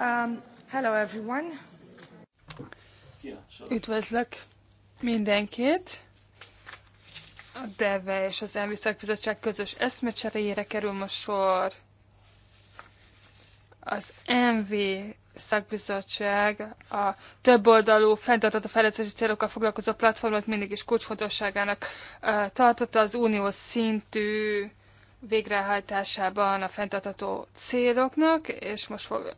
Um, Üdvözlök mindenkit! A DEVE és az Elviszak Bizottság közös eszmecseréjére kerül most sor. Az MV szakbizottság a többoldalú fenntartató fejlesztési célokkal foglalkozó platformot mindig is kulcsfontosságának tartotta az unió szintű végrehajtásában a fenntartató céloknak, és most fog,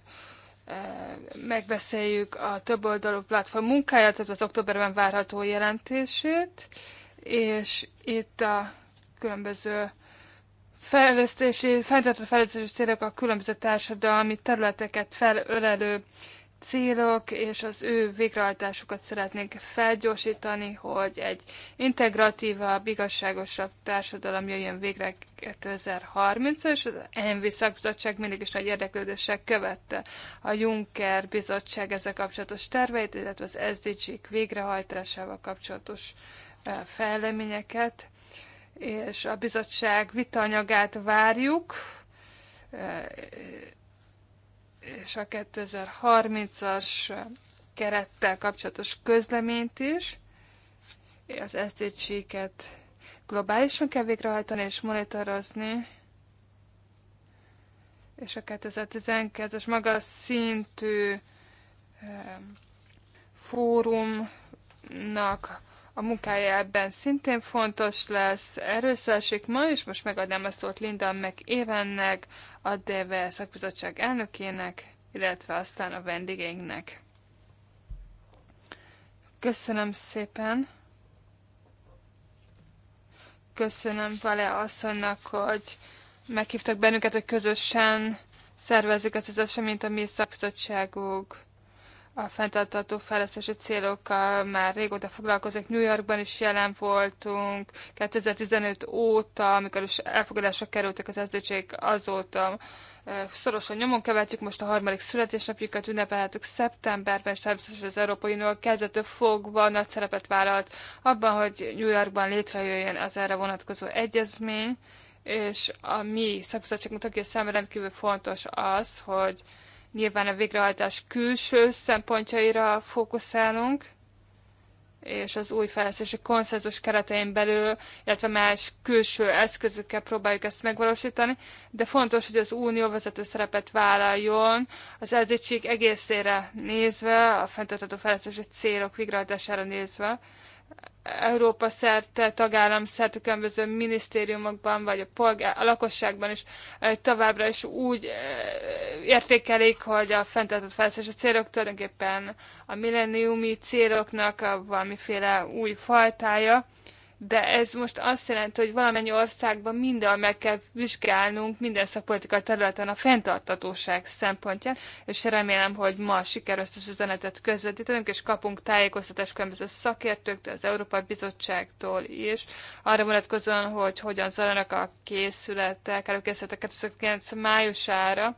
megbeszéljük a többoldalú platform munkáját, tehát az októberben várható jelentését, és itt a különböző fejlesztési, fenntartó fejlesztési célok a különböző társadalmi területeket felölelő célok, és az ő végrehajtásukat szeretnénk felgyorsítani, hogy egy integratívabb, igazságosabb társadalom jöjjön végre 2030-ra, és az ENVI szakbizottság mindig is nagy érdeklődéssel követte a Juncker bizottság ezzel kapcsolatos terveit, illetve az SDG-k végrehajtásával kapcsolatos eh, fejleményeket, és a bizottság vitanyagát várjuk, eh, és a 2030-as kerettel kapcsolatos közleményt is, az sztc ket globálisan kell végrehajtani és monitorozni, és a 2012-es magas szintű fórumnak a munkája ebben szintén fontos lesz. Erről szó esik ma, is, most megadnám a szót Linda meg Évennek, a DV szakbizottság elnökének, illetve aztán a vendégeinknek. Köszönöm szépen! Köszönöm Vale asszonynak, hogy meghívtak bennünket, hogy közösen szervezzük ezt az eseményt a mi szakbizottságunk a fenntartató fejlesztési célokkal már régóta foglalkozik. New Yorkban is jelen voltunk 2015 óta, amikor is elfogadásra kerültek az SZDC-k azóta. Szorosan nyomon követjük, most a harmadik születésnapjukat ünnepelhetük szeptemberben, és természetesen az Európai Unió kezdető fogva nagy szerepet vállalt abban, hogy New Yorkban létrejöjjön az erre vonatkozó egyezmény, és a mi szakbizottságunk tagja számára rendkívül fontos az, hogy Nyilván a végrehajtás külső szempontjaira fókuszálunk, és az új fejlesztési konszenzus keretein belül, illetve más külső eszközökkel próbáljuk ezt megvalósítani, de fontos, hogy az Unió vezető szerepet vállaljon az edzétség egészére nézve, a fenntartható fejlesztési célok végrehajtására nézve, Európa szerte, tagállam szerte különböző minisztériumokban, vagy a, polgár, a lakosságban is továbbra is úgy értékelik, hogy a fenntartott a célok tulajdonképpen a milleniumi céloknak a valamiféle új fajtája, de ez most azt jelenti, hogy valamennyi országban minden meg kell vizsgálnunk minden szakpolitikai területen a fenntartatóság szempontján, és remélem, hogy ma sikerül ezt az üzenetet közvetítenünk, és kapunk tájékoztatást különböző szakértőktől, az Európai Bizottságtól is, arra vonatkozóan, hogy hogyan zajlanak a készületek, előkészületek 2009 májusára,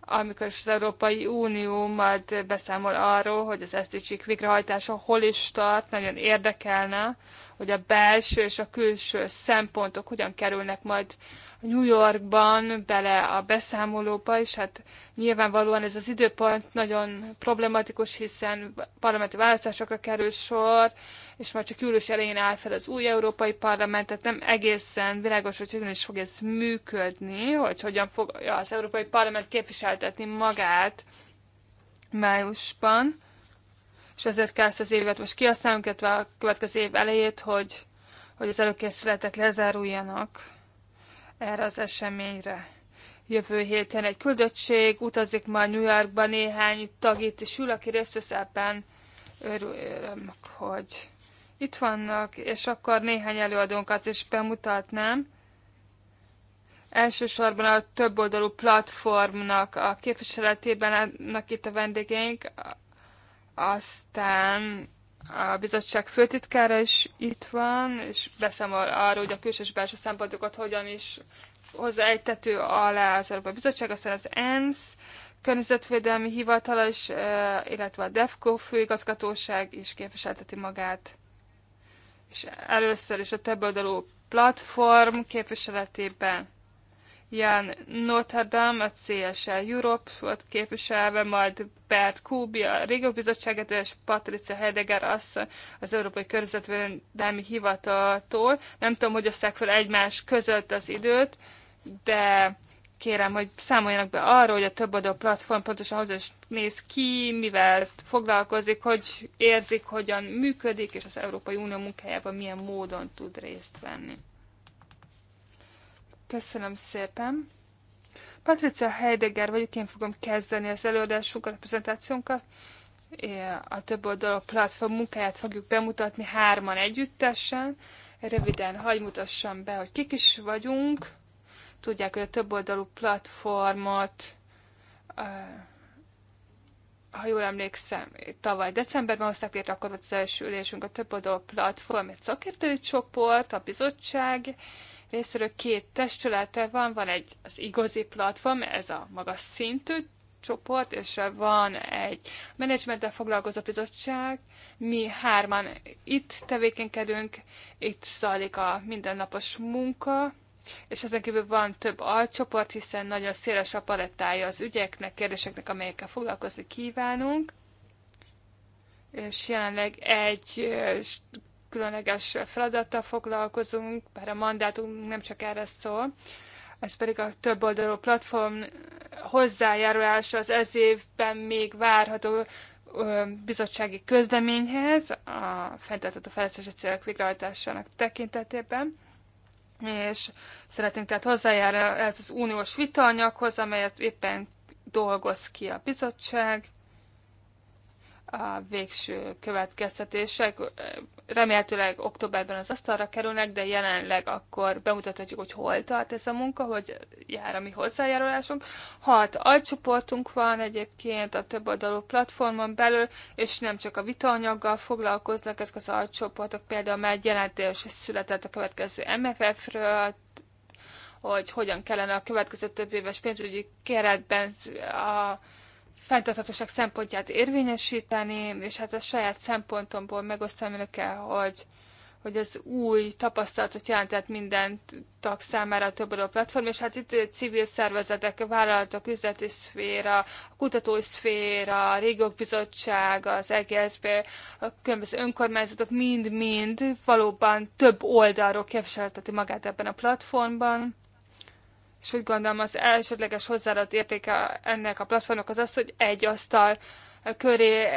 amikor is az Európai Unió majd beszámol arról, hogy az SZDC-k végrehajtása hol is tart, nagyon érdekelne, hogy a belső és a külső szempontok hogyan kerülnek majd New Yorkban bele a beszámolóba, és hát nyilvánvalóan ez az időpont nagyon problematikus, hiszen parlamenti választásokra kerül sor, és már csak július elején áll fel az új európai parlament, tehát nem egészen világos, hogy hogyan is fog ez működni, hogy hogyan fog az európai parlament képviseltetni magát májusban és ezért kell ezt az évet most kihasználnunk, illetve a következő év elejét, hogy, hogy az előkészületek lezáruljanak erre az eseményre. Jövő héten egy küldöttség utazik majd New Yorkba néhány tag itt is ül, aki részt vesz ebben. Örülöm, hogy itt vannak, és akkor néhány előadónkat is bemutatnám. Elsősorban a többoldalú platformnak a képviseletében annak itt a vendégeink, aztán a bizottság főtitkára is itt van, és beszámol arról, hogy a külső és belső szempontokat hogyan is tető alá az Európai Bizottság, aztán az ENSZ, Környezetvédelmi Hivatala is, illetve a DEFCO főigazgatóság is képviselteti magát. És először is a oldalú platform képviseletében Jan Notadam, a CSL Europe volt képviselve, majd Bert Kubi, a Régió Bizottságát, és Patricia Heidegger az az Európai Körzetvédelmi Hivataltól. Nem tudom, hogy oszták fel egymás között az időt, de kérem, hogy számoljanak be arról, hogy a adó platform pontosan hogyan néz ki, mivel foglalkozik, hogy érzik, hogyan működik, és az Európai Unió munkájában milyen módon tud részt venni. Köszönöm szépen. Patricia Heidegger vagyok, én fogom kezdeni az előadásunkat, a prezentációnkat. A több oldalú platform munkáját fogjuk bemutatni hárman együttesen. Röviden hagyj mutassam be, hogy kik is vagyunk. Tudják, hogy a több oldalú platformot ha jól emlékszem, tavaly decemberben hozták létre, akkor volt az első ülésünk a több oldalú platform, egy szakértői csoport, a bizottság, részéről két testülete van, van egy az igazi platform, ez a magas szintű csoport, és van egy menedzsmenttel foglalkozó bizottság, mi hárman itt tevékenykedünk, itt zajlik a mindennapos munka, és ezen kívül van több alcsoport, hiszen nagyon széles a palettája az ügyeknek, kérdéseknek, amelyekkel foglalkozni kívánunk és jelenleg egy különleges feladattal foglalkozunk, bár a mandátum nem csak erre szól, ez pedig a több oldalú platform hozzájárulása az ez évben még várható bizottsági közleményhez a fenntartható fejlesztési célok végrehajtásának tekintetében és szeretnénk tehát hozzájárulni ez az uniós vitanyaghoz, amelyet éppen dolgoz ki a bizottság, a végső következtetések. Remélhetőleg októberben az asztalra kerülnek, de jelenleg akkor bemutathatjuk, hogy hol tart ez a munka, hogy jár a mi hozzájárulásunk. Hat alcsoportunk van egyébként a több oldalú platformon belül, és nem csak a vitaanyaggal foglalkoznak ezek az alcsoportok, például már jelentős született a következő MFF-ről, hogy hogyan kellene a következő több éves pénzügyi keretben a fenntarthatóság szempontját érvényesíteni, és hát a saját szempontomból megosztom önökkel, hogy, hogy az új tapasztalatot jelentett minden tag számára a több platform, és hát itt civil szervezetek, vállalatok, üzleti szféra, a kutatói szféra, a régiók bizottság, az EGSB, a különböző önkormányzatok mind-mind valóban több oldalról képviselteti magát ebben a platformban és úgy gondolom az elsődleges hozzáadott értéke ennek a platformnak az az, hogy egy asztal köré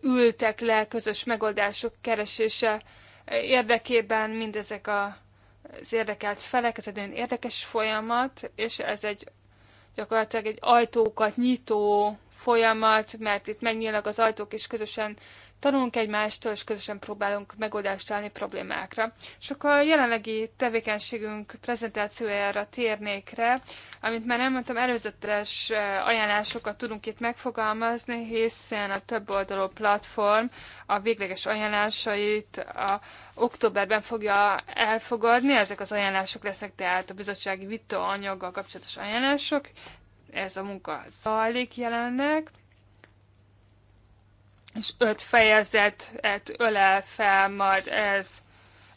ültek le közös megoldások keresése érdekében mindezek a, az érdekelt felek, ez egy nagyon érdekes folyamat, és ez egy gyakorlatilag egy ajtókat nyitó folyamat, mert itt megnyílnak az ajtók, és közösen tanulunk egymástól, és közösen próbálunk megoldást találni problémákra. És akkor a jelenlegi tevékenységünk prezentációjára térnék rá, amit már nem mondtam, előzetes ajánlásokat tudunk itt megfogalmazni, hiszen a több oldalú platform a végleges ajánlásait a októberben fogja elfogadni, ezek az ajánlások lesznek tehát a bizottsági vita anyaggal kapcsolatos ajánlások, ez a munka zajlik jelenleg és öt fejezetet ölel fel majd ez,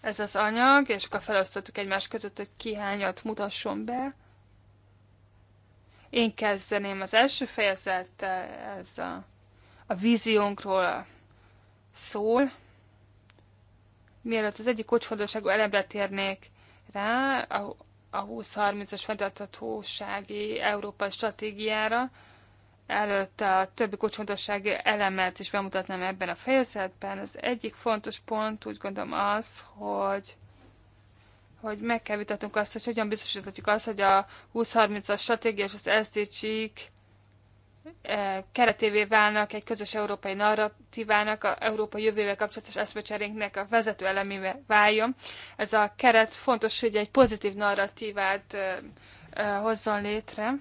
ez az anyag, és akkor felosztottuk egymás között, hogy ki hányat mutasson be. Én kezdeném az első fejezettel, ez a, a víziónkról szól. Mielőtt az egyik kocsfontosságú elemre térnék rá, a, a 30 as fenntarthatósági európai stratégiára, előtt a többi kulcsfontossági elemet is bemutatnám ebben a fejezetben. Az egyik fontos pont úgy gondolom az, hogy hogy meg kell vitatnunk azt, hogy hogyan biztosíthatjuk azt, hogy a 2030-as stratégia és az SDG-k eh, keretévé válnak egy közös európai narratívának, a Európa jövővel kapcsolatos eszmecserénknek a vezető elemébe váljon. Ez a keret fontos, hogy egy pozitív narratívát eh, eh, hozzon létre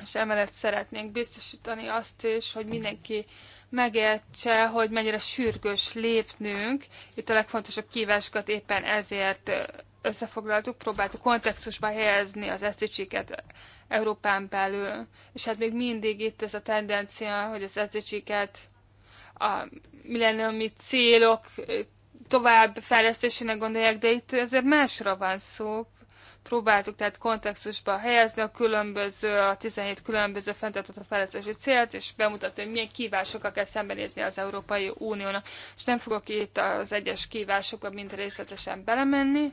és emellett szeretnénk biztosítani azt is, hogy mindenki megértse, hogy mennyire sürgős lépnünk. Itt a legfontosabb kívásokat éppen ezért összefoglaltuk, próbáltuk kontextusba helyezni az eszticsiket Európán belül. És hát még mindig itt ez a tendencia, hogy az eszticsiket a milleniumi célok tovább fejlesztésének gondolják, de itt azért másra van szó próbáltuk tehát kontextusba helyezni a különböző, a 17 különböző fenntartható fejlesztési célt, és bemutatni, hogy milyen kívásokkal kell szembenézni az Európai Uniónak. És nem fogok itt az egyes kívásokba mind részletesen belemenni,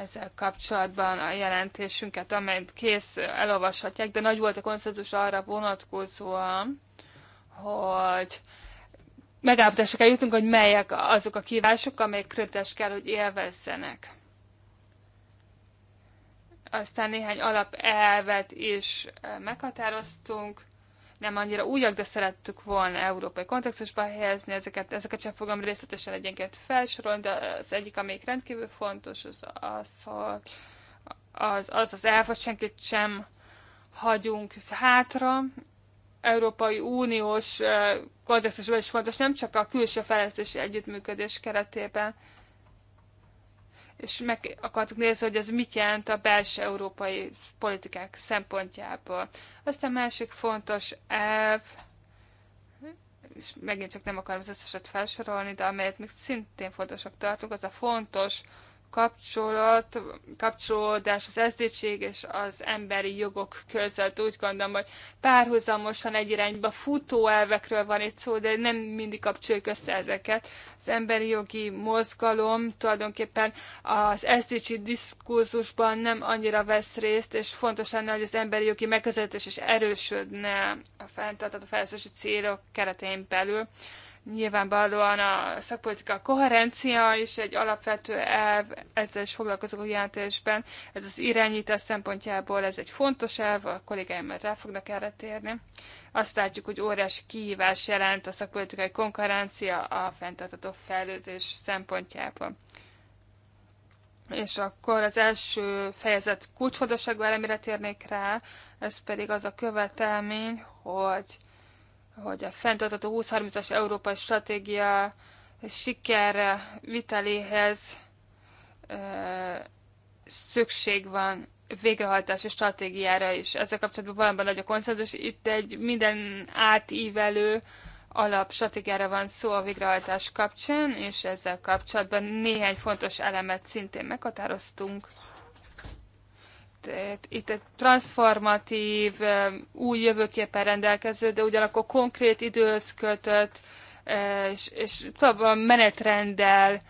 ezzel kapcsolatban a jelentésünket, amelyet kész elolvashatják, de nagy volt a konszenzus arra vonatkozóan, hogy megállapodásra kell jutnunk, hogy melyek azok a kívások, amelyek prioritás kell, hogy élvezzenek. Aztán néhány alapelvet is eh, meghatároztunk, nem annyira újak, de szerettük volna európai kontextusba helyezni ezeket, ezeket sem fogom részletesen egyenként felsorolni, de az egyik, amelyik rendkívül fontos, az az, az, az, az elv, hogy senkit sem hagyunk hátra. Európai Uniós eh, kontextusban is fontos, nem csak a külső fejlesztési együttműködés keretében, és meg akartuk nézni, hogy ez mit jelent a belső európai politikák szempontjából. Aztán másik fontos elv, és megint csak nem akarom az összeset felsorolni, de amelyet még szintén fontosak tartunk, az a fontos, kapcsolat, kapcsolódás az SZDCség és az emberi jogok között. Úgy gondolom, hogy párhuzamosan egy irányba futó elvekről van itt szó, de nem mindig kapcsoljuk össze ezeket. Az emberi jogi mozgalom tulajdonképpen az SZDC diskurzusban nem annyira vesz részt, és fontos lenne, hogy az emberi jogi megközelítés is erősödne a fenntartató fejlesztési célok keretein belül. Nyilvánvalóan a szakpolitika koherencia is egy alapvető elv, ezzel is foglalkozok a jelentésben. Ez az irányítás szempontjából ez egy fontos elv, a kollégáim rá fognak erre térni. Azt látjuk, hogy óriási kihívás jelent a szakpolitikai konkurencia a fenntartató fejlődés szempontjából. És akkor az első fejezet kulcsfontosságú elemére térnék rá, ez pedig az a követelmény, hogy hogy a fenntartható 2030-as európai stratégia sikerre viteléhez szükség van végrehajtási stratégiára is. Ezzel kapcsolatban valamiben nagy a konszenzus. Itt egy minden átívelő alapstratégiára van szó a végrehajtás kapcsán, és ezzel kapcsolatban néhány fontos elemet szintén meghatároztunk itt egy transformatív, új jövőképpen rendelkező, de ugyanakkor konkrét időhöz kötött, eh, és, és tovább menetrenddel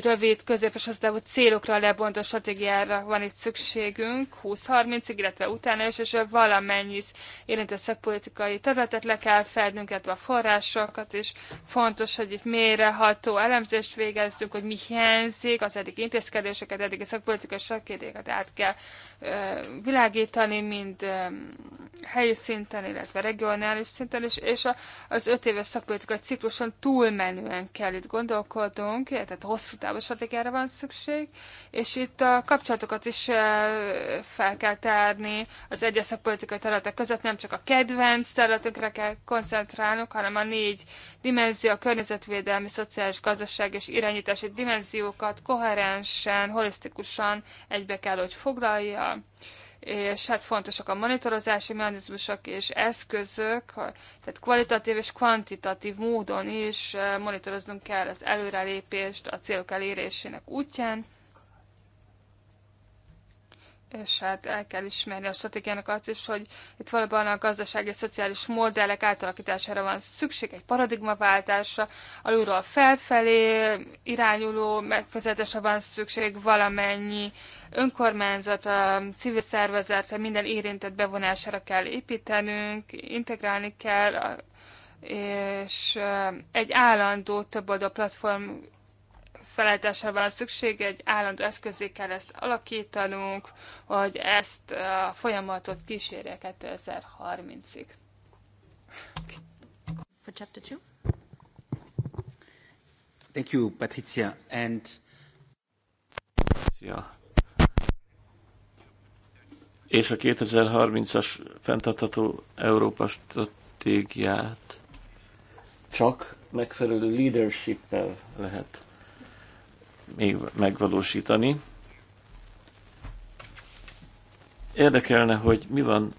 rövid, középes osztávú célokra lebontott stratégiára van itt szükségünk 20-30-ig, illetve utána is, és valamennyi érintett szakpolitikai területet le kell fednünk, illetve a forrásokat, és fontos, hogy itt mélyreható elemzést végezzünk, hogy mi hiányzik, az eddig intézkedéseket, a szakpolitikai stratégiákat át kell világítani, mind helyi szinten, illetve regionális szinten is, és az öt éves szakpolitikai cikluson túlmenően kell itt gondolkodnunk, tehát hosszú távú stratégiára van szükség, és itt a kapcsolatokat is fel kell tárni az egyes szakpolitikai területek között, nem csak a kedvenc területekre kell koncentrálnunk, hanem a négy dimenzió, a környezetvédelmi, szociális, gazdaság és irányítási dimenziókat koherensen, holisztikusan egybe kell, hogy foglalja és hát fontosak a monitorozási mechanizmusok és eszközök, tehát kvalitatív és kvantitatív módon is eh, monitoroznunk kell az előrelépést a célok elérésének útján és hát el kell ismerni a stratégiának azt is, hogy itt valóban a gazdasági és szociális modellek átalakítására van szükség, egy paradigmaváltásra, alulról felfelé irányuló megközelítésre van szükség valamennyi önkormányzat, a civil szervezet, minden érintett bevonására kell építenünk, integrálni kell, és egy állandó több oldal platform felállítására van szükség, egy állandó eszközé kell ezt alakítanunk, hogy ezt a folyamatot kísérje 2030-ig. For chapter two. Thank you, Patricia. And... Szia. És a 2030-as fenntartható Európa stratégiát csak megfelelő leadership lehet még megvalósítani. Érdekelne, hogy mi van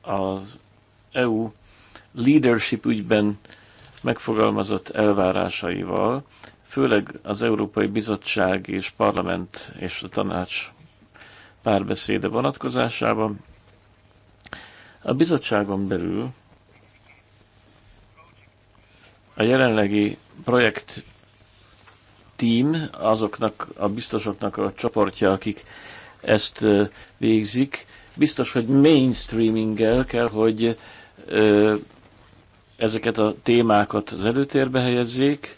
az EU leadership ügyben megfogalmazott elvárásaival, főleg az Európai Bizottság és Parlament és a Tanács párbeszéde vonatkozásában. A bizottságon belül a jelenlegi projekt team, azoknak a biztosoknak a csoportja, akik ezt végzik, biztos, hogy mainstreaminggel kell, hogy ezeket a témákat az előtérbe helyezzék,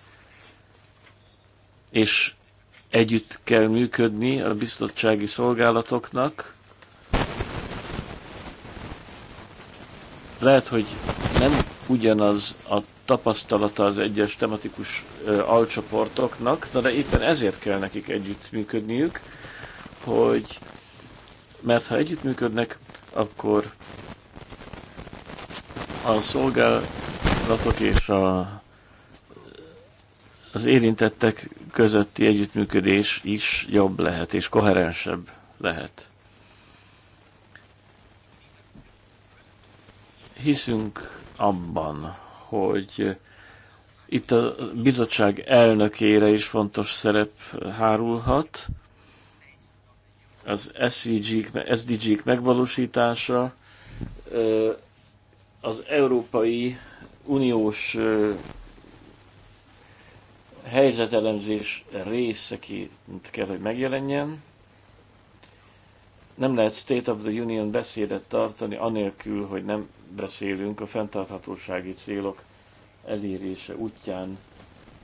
és együtt kell működni a biztonsági szolgálatoknak. Lehet, hogy nem ugyanaz a tapasztalata az egyes tematikus alcsoportoknak, de éppen ezért kell nekik együttműködniük, hogy mert ha együttműködnek, akkor a szolgálatok és a, az érintettek közötti együttműködés is jobb lehet, és koherensebb lehet. Hiszünk abban, hogy itt a bizottság elnökére is fontos szerep hárulhat. Az SDG-k megvalósítása, az Európai Uniós helyzetelemzés részeként kell, hogy megjelenjen nem lehet State of the Union beszédet tartani, anélkül, hogy nem beszélünk a fenntarthatósági célok elérése útján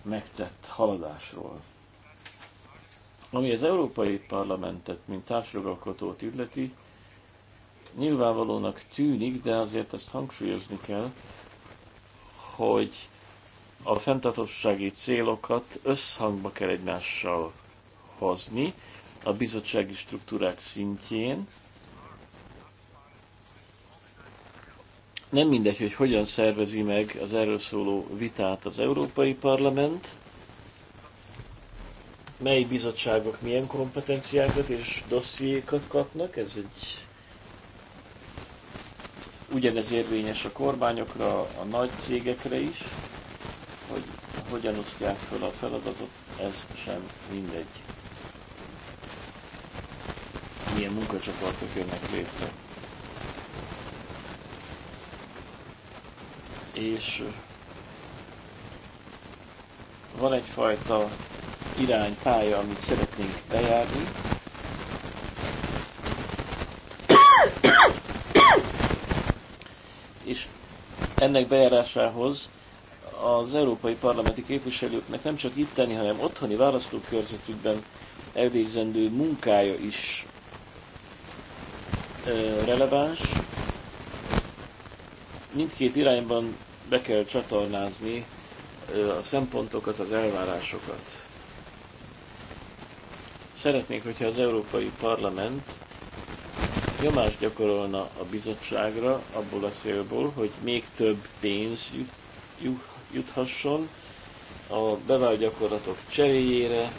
megtett haladásról. Ami az Európai Parlamentet, mint társjogalkotót illeti, nyilvánvalónak tűnik, de azért ezt hangsúlyozni kell, hogy a fenntartósági célokat összhangba kell egymással hozni, a bizottsági struktúrák szintjén. Nem mindegy, hogy hogyan szervezi meg az erről szóló vitát az Európai Parlament, mely bizottságok milyen kompetenciákat és dossziékat kapnak, ez egy ugyanez érvényes a kormányokra, a nagy cégekre is, hogy hogyan osztják fel a feladatot, ez sem mindegy milyen munkacsoportok jönnek létre. És van egyfajta iránypálya, amit szeretnénk bejárni. És ennek bejárásához az európai parlamenti képviselőknek nem csak itteni, hanem otthoni választókörzetükben elvégzendő munkája is releváns. Mindkét irányban be kell csatornázni a szempontokat, az elvárásokat. Szeretnék, hogyha az Európai Parlament nyomást gyakorolna a bizottságra abból a célból, hogy még több pénz juthasson a bevált gyakorlatok cseréjére,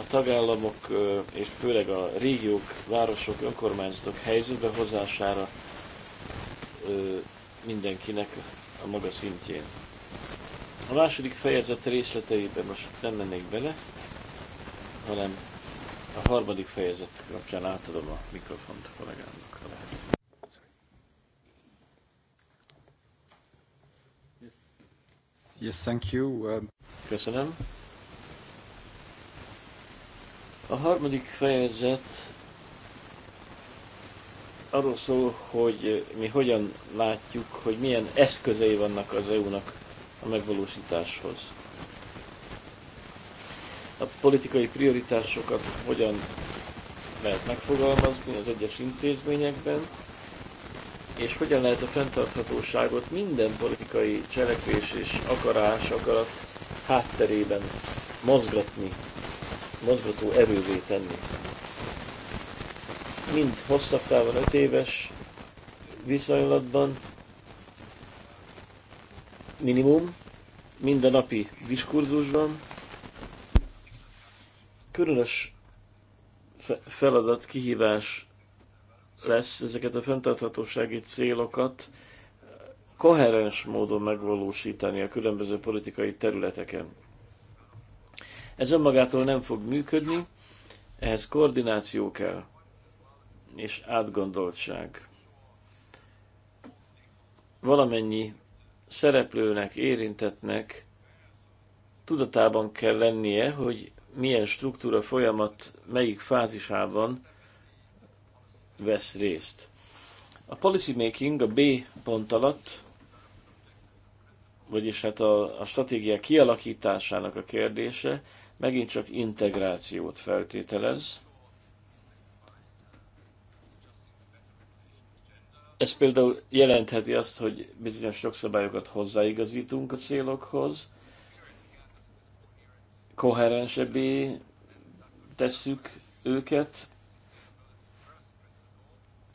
a tagállamok és főleg a régiók, városok, önkormányzatok helyzetbe hozására mindenkinek a maga szintjén. A második fejezet részleteiben most nem mennék bele, hanem a harmadik fejezet kapcsán átadom a mikrofont a kollégámnak. Yes, thank you. Um, Köszönöm. A harmadik fejezet arról szól, hogy mi hogyan látjuk, hogy milyen eszközei vannak az EU-nak a megvalósításhoz. A politikai prioritásokat hogyan lehet megfogalmazni az egyes intézményekben, és hogyan lehet a fenntarthatóságot minden politikai cselekvés és akarás, akarat hátterében mozgatni mozgató erővé tenni. Mind hosszabb távon, öt éves viszonylatban minimum, a napi diskurzusban, különös feladat, kihívás lesz ezeket a fenntarthatósági célokat koherens módon megvalósítani a különböző politikai területeken. Ez önmagától nem fog működni, ehhez koordináció kell, és átgondoltság. Valamennyi szereplőnek, érintetnek tudatában kell lennie, hogy milyen struktúra folyamat melyik fázisában vesz részt. A policy making a B pont alatt, vagyis hát a, a stratégia kialakításának a kérdése, megint csak integrációt feltételez. Ez például jelentheti azt, hogy bizonyos jogszabályokat hozzáigazítunk a célokhoz, koherensebbé tesszük őket,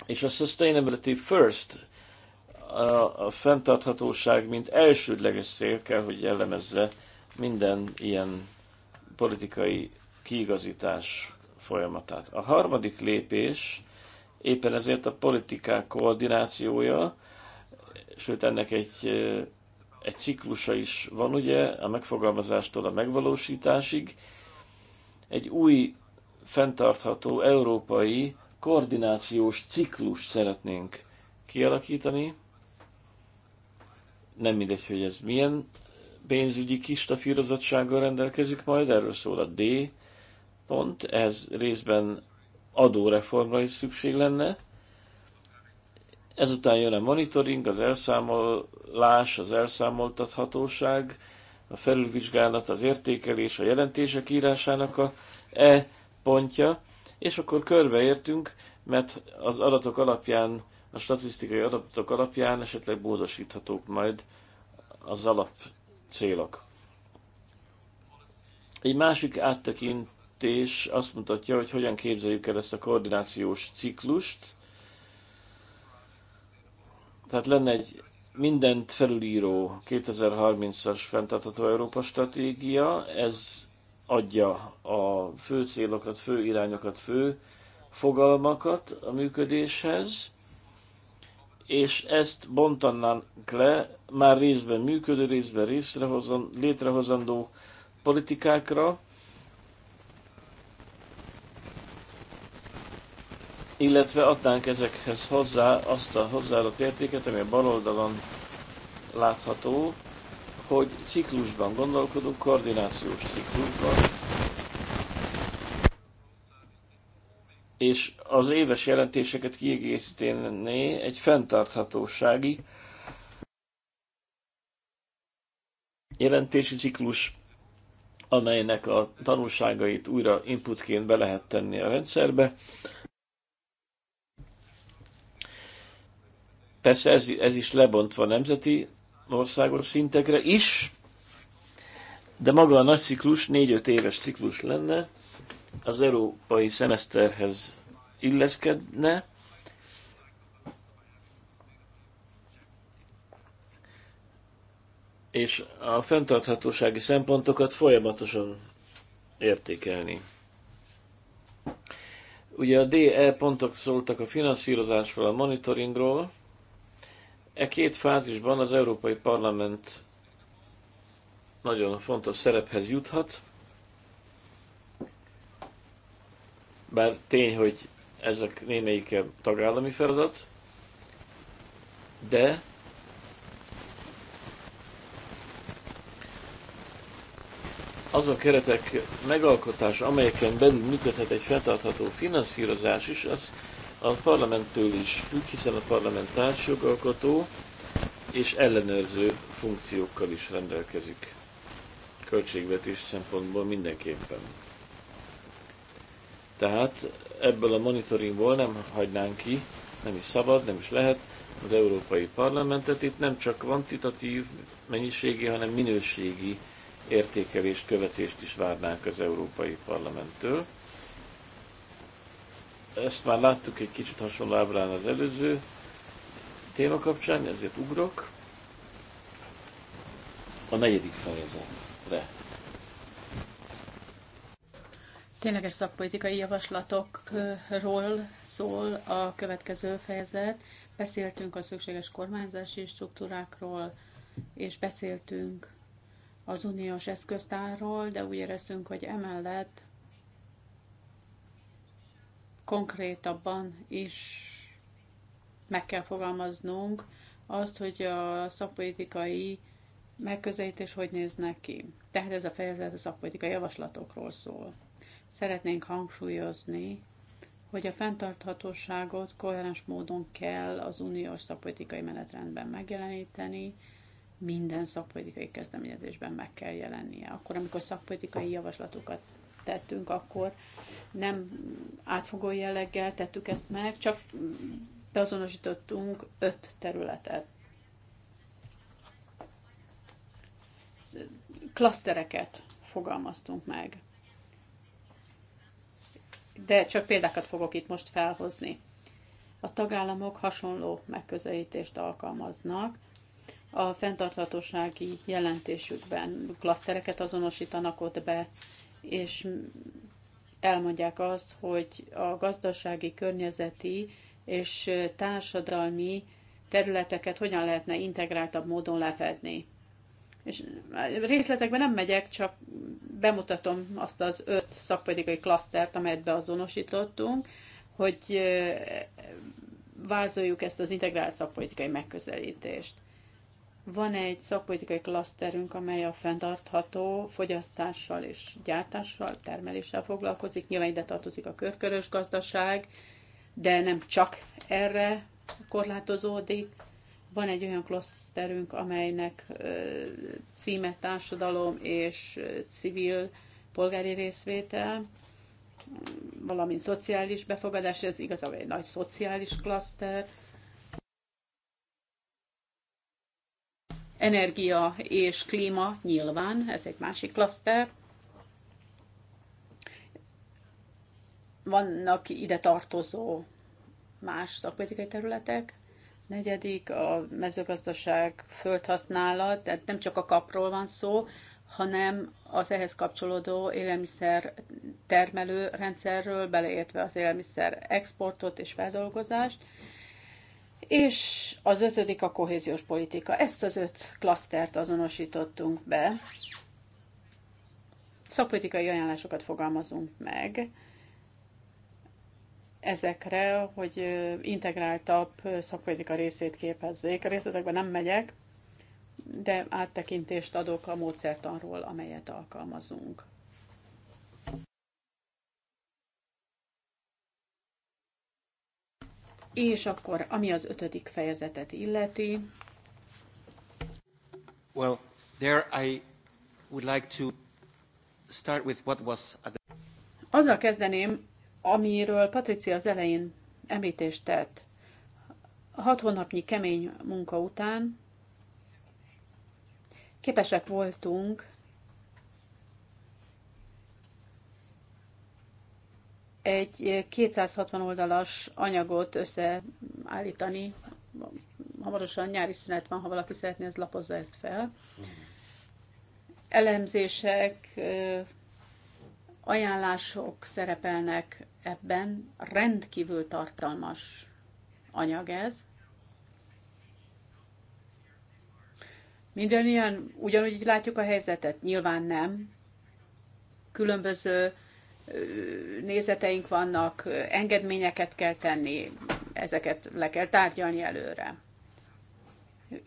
és a sustainability first, a, a fenntarthatóság, mint elsődleges cél kell, hogy jellemezze minden ilyen politikai kiigazítás folyamatát. A harmadik lépés éppen ezért a politikák koordinációja, sőt ennek egy, egy ciklusa is van ugye, a megfogalmazástól a megvalósításig, egy új fenntartható európai koordinációs ciklust szeretnénk kialakítani. Nem mindegy, hogy ez milyen pénzügyi kistafírozatsággal rendelkezik majd, erről szól a D pont, ez részben adóreformra is szükség lenne. Ezután jön a monitoring, az elszámolás, az elszámoltathatóság, a felülvizsgálat, az értékelés, a jelentések írásának a E pontja, és akkor körbeértünk, mert az adatok alapján, a statisztikai adatok alapján esetleg módosíthatók majd az alap célok. Egy másik áttekintés azt mutatja, hogy hogyan képzeljük el ezt a koordinációs ciklust. Tehát lenne egy mindent felülíró 2030-as fenntartható Európa stratégia, ez adja a fő célokat, fő irányokat, fő fogalmakat a működéshez, és ezt bontanánk le már részben működő, részben részrehozan, létrehozandó politikákra, illetve adnánk ezekhez hozzá azt a hozzáadott értéket, ami a bal oldalon látható, hogy ciklusban gondolkodunk, koordinációs ciklusban, és az éves jelentéseket kiegészítené egy fenntarthatósági jelentési ciklus, amelynek a tanulságait újra inputként be lehet tenni a rendszerbe. Persze ez, ez is lebontva nemzeti országos szintekre is, de maga a nagy ciklus 4-5 éves ciklus lenne, az európai szemeszterhez illeszkedne, és a fenntarthatósági szempontokat folyamatosan értékelni. Ugye a DE pontok szóltak a finanszírozásról, a monitoringról. E két fázisban az Európai Parlament nagyon fontos szerephez juthat, bár tény, hogy ezek némelyike tagállami feladat, de azon keretek megalkotása, amelyeken belül működhet egy fenntartható finanszírozás is, az a parlamenttől is függ, hiszen a parlament társjogalkotó és ellenőrző funkciókkal is rendelkezik. Költségvetés szempontból mindenképpen. Tehát ebből a monitoringból nem hagynánk ki, nem is szabad, nem is lehet az Európai Parlamentet. Itt nem csak kvantitatív, mennyiségi, hanem minőségi értékelést, követést is várnánk az Európai Parlamenttől. Ezt már láttuk egy kicsit hasonló ábrán az előző téma kapcsán, ezért ugrok. A negyedik fejezetre. Tényleges szakpolitikai javaslatokról szól a következő fejezet. Beszéltünk a szükséges kormányzási struktúrákról, és beszéltünk az uniós eszköztárról, de úgy éreztünk, hogy emellett konkrétabban is meg kell fogalmaznunk azt, hogy a szakpolitikai megközelítés hogy néz neki. Tehát ez a fejezet a szakpolitikai javaslatokról szól. Szeretnénk hangsúlyozni, hogy a fenntarthatóságot koherens módon kell az uniós szakpolitikai menetrendben megjeleníteni, minden szakpolitikai kezdeményezésben meg kell jelennie. Akkor, amikor szakpolitikai javaslatokat tettünk, akkor nem átfogó jelleggel tettük ezt meg, csak beazonosítottunk öt területet. Klasztereket fogalmaztunk meg de csak példákat fogok itt most felhozni. A tagállamok hasonló megközelítést alkalmaznak, a fenntarthatósági jelentésükben klasztereket azonosítanak ott be, és elmondják azt, hogy a gazdasági, környezeti és társadalmi területeket hogyan lehetne integráltabb módon lefedni és részletekben nem megyek, csak bemutatom azt az öt szakpolitikai klasztert, amelyet beazonosítottunk, hogy vázoljuk ezt az integrált szakpolitikai megközelítést. Van egy szakpolitikai klaszterünk, amely a fenntartható fogyasztással és gyártással, termeléssel foglalkozik. Nyilván ide tartozik a körkörös gazdaság, de nem csak erre korlátozódik. Van egy olyan klaszterünk, amelynek címe társadalom és civil polgári részvétel, valamint szociális befogadás, ez igazából egy nagy szociális klaszter, energia és klíma nyilván, ez egy másik klaszter. Vannak ide tartozó más szakpolitikai területek, Negyedik a mezőgazdaság földhasználat, tehát nem csak a kapról van szó, hanem az ehhez kapcsolódó élelmiszer termelő rendszerről, beleértve az élelmiszer exportot és feldolgozást. És az ötödik a kohéziós politika. Ezt az öt klasztert azonosítottunk be. Szakpolitikai ajánlásokat fogalmazunk meg ezekre, hogy integráltabb szakpolitika részét képezzék. A részletekben nem megyek, de áttekintést adok a módszertanról, amelyet alkalmazunk. És akkor, ami az ötödik fejezetet illeti. Well, there I would like to start with what was at the... Azzal kezdeném, amiről Patricia az elején említést tett, hat hónapnyi kemény munka után képesek voltunk egy 260 oldalas anyagot összeállítani. Hamarosan nyári szünet van, ha valaki szeretné, ez lapozza ezt fel. Elemzések, ajánlások szerepelnek ebben rendkívül tartalmas anyag ez. Minden ilyen, ugyanúgy látjuk a helyzetet? Nyilván nem. Különböző nézeteink vannak, engedményeket kell tenni, ezeket le kell tárgyalni előre.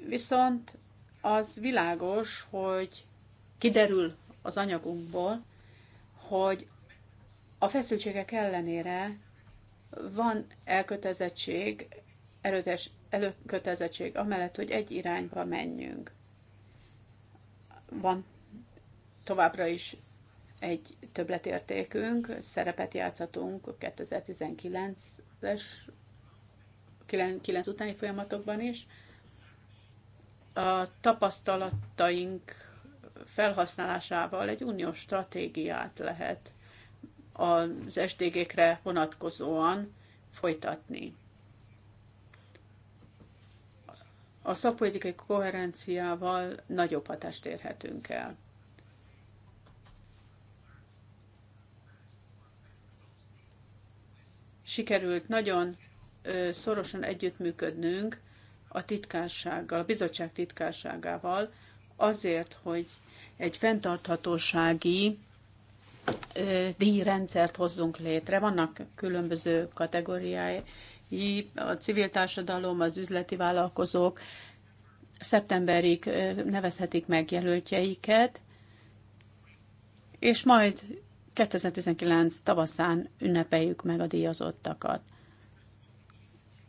Viszont az világos, hogy kiderül az anyagunkból, hogy a feszültségek ellenére van elkötelezettség, erőtes előkötelezettség amellett, hogy egy irányba menjünk. Van továbbra is egy többletértékünk, szerepet játszhatunk 2019-es 9 utáni folyamatokban is. A tapasztalataink felhasználásával egy uniós stratégiát lehet az SDG-kre vonatkozóan folytatni. A szakpolitikai koherenciával nagyobb hatást érhetünk el. Sikerült nagyon szorosan együttműködnünk a titkársággal, a bizottság titkárságával, azért, hogy egy fenntarthatósági díjrendszert hozzunk létre. Vannak különböző kategóriái, a civil társadalom, az üzleti vállalkozók szeptemberig nevezhetik meg jelöltjeiket, és majd 2019 tavaszán ünnepeljük meg a díjazottakat.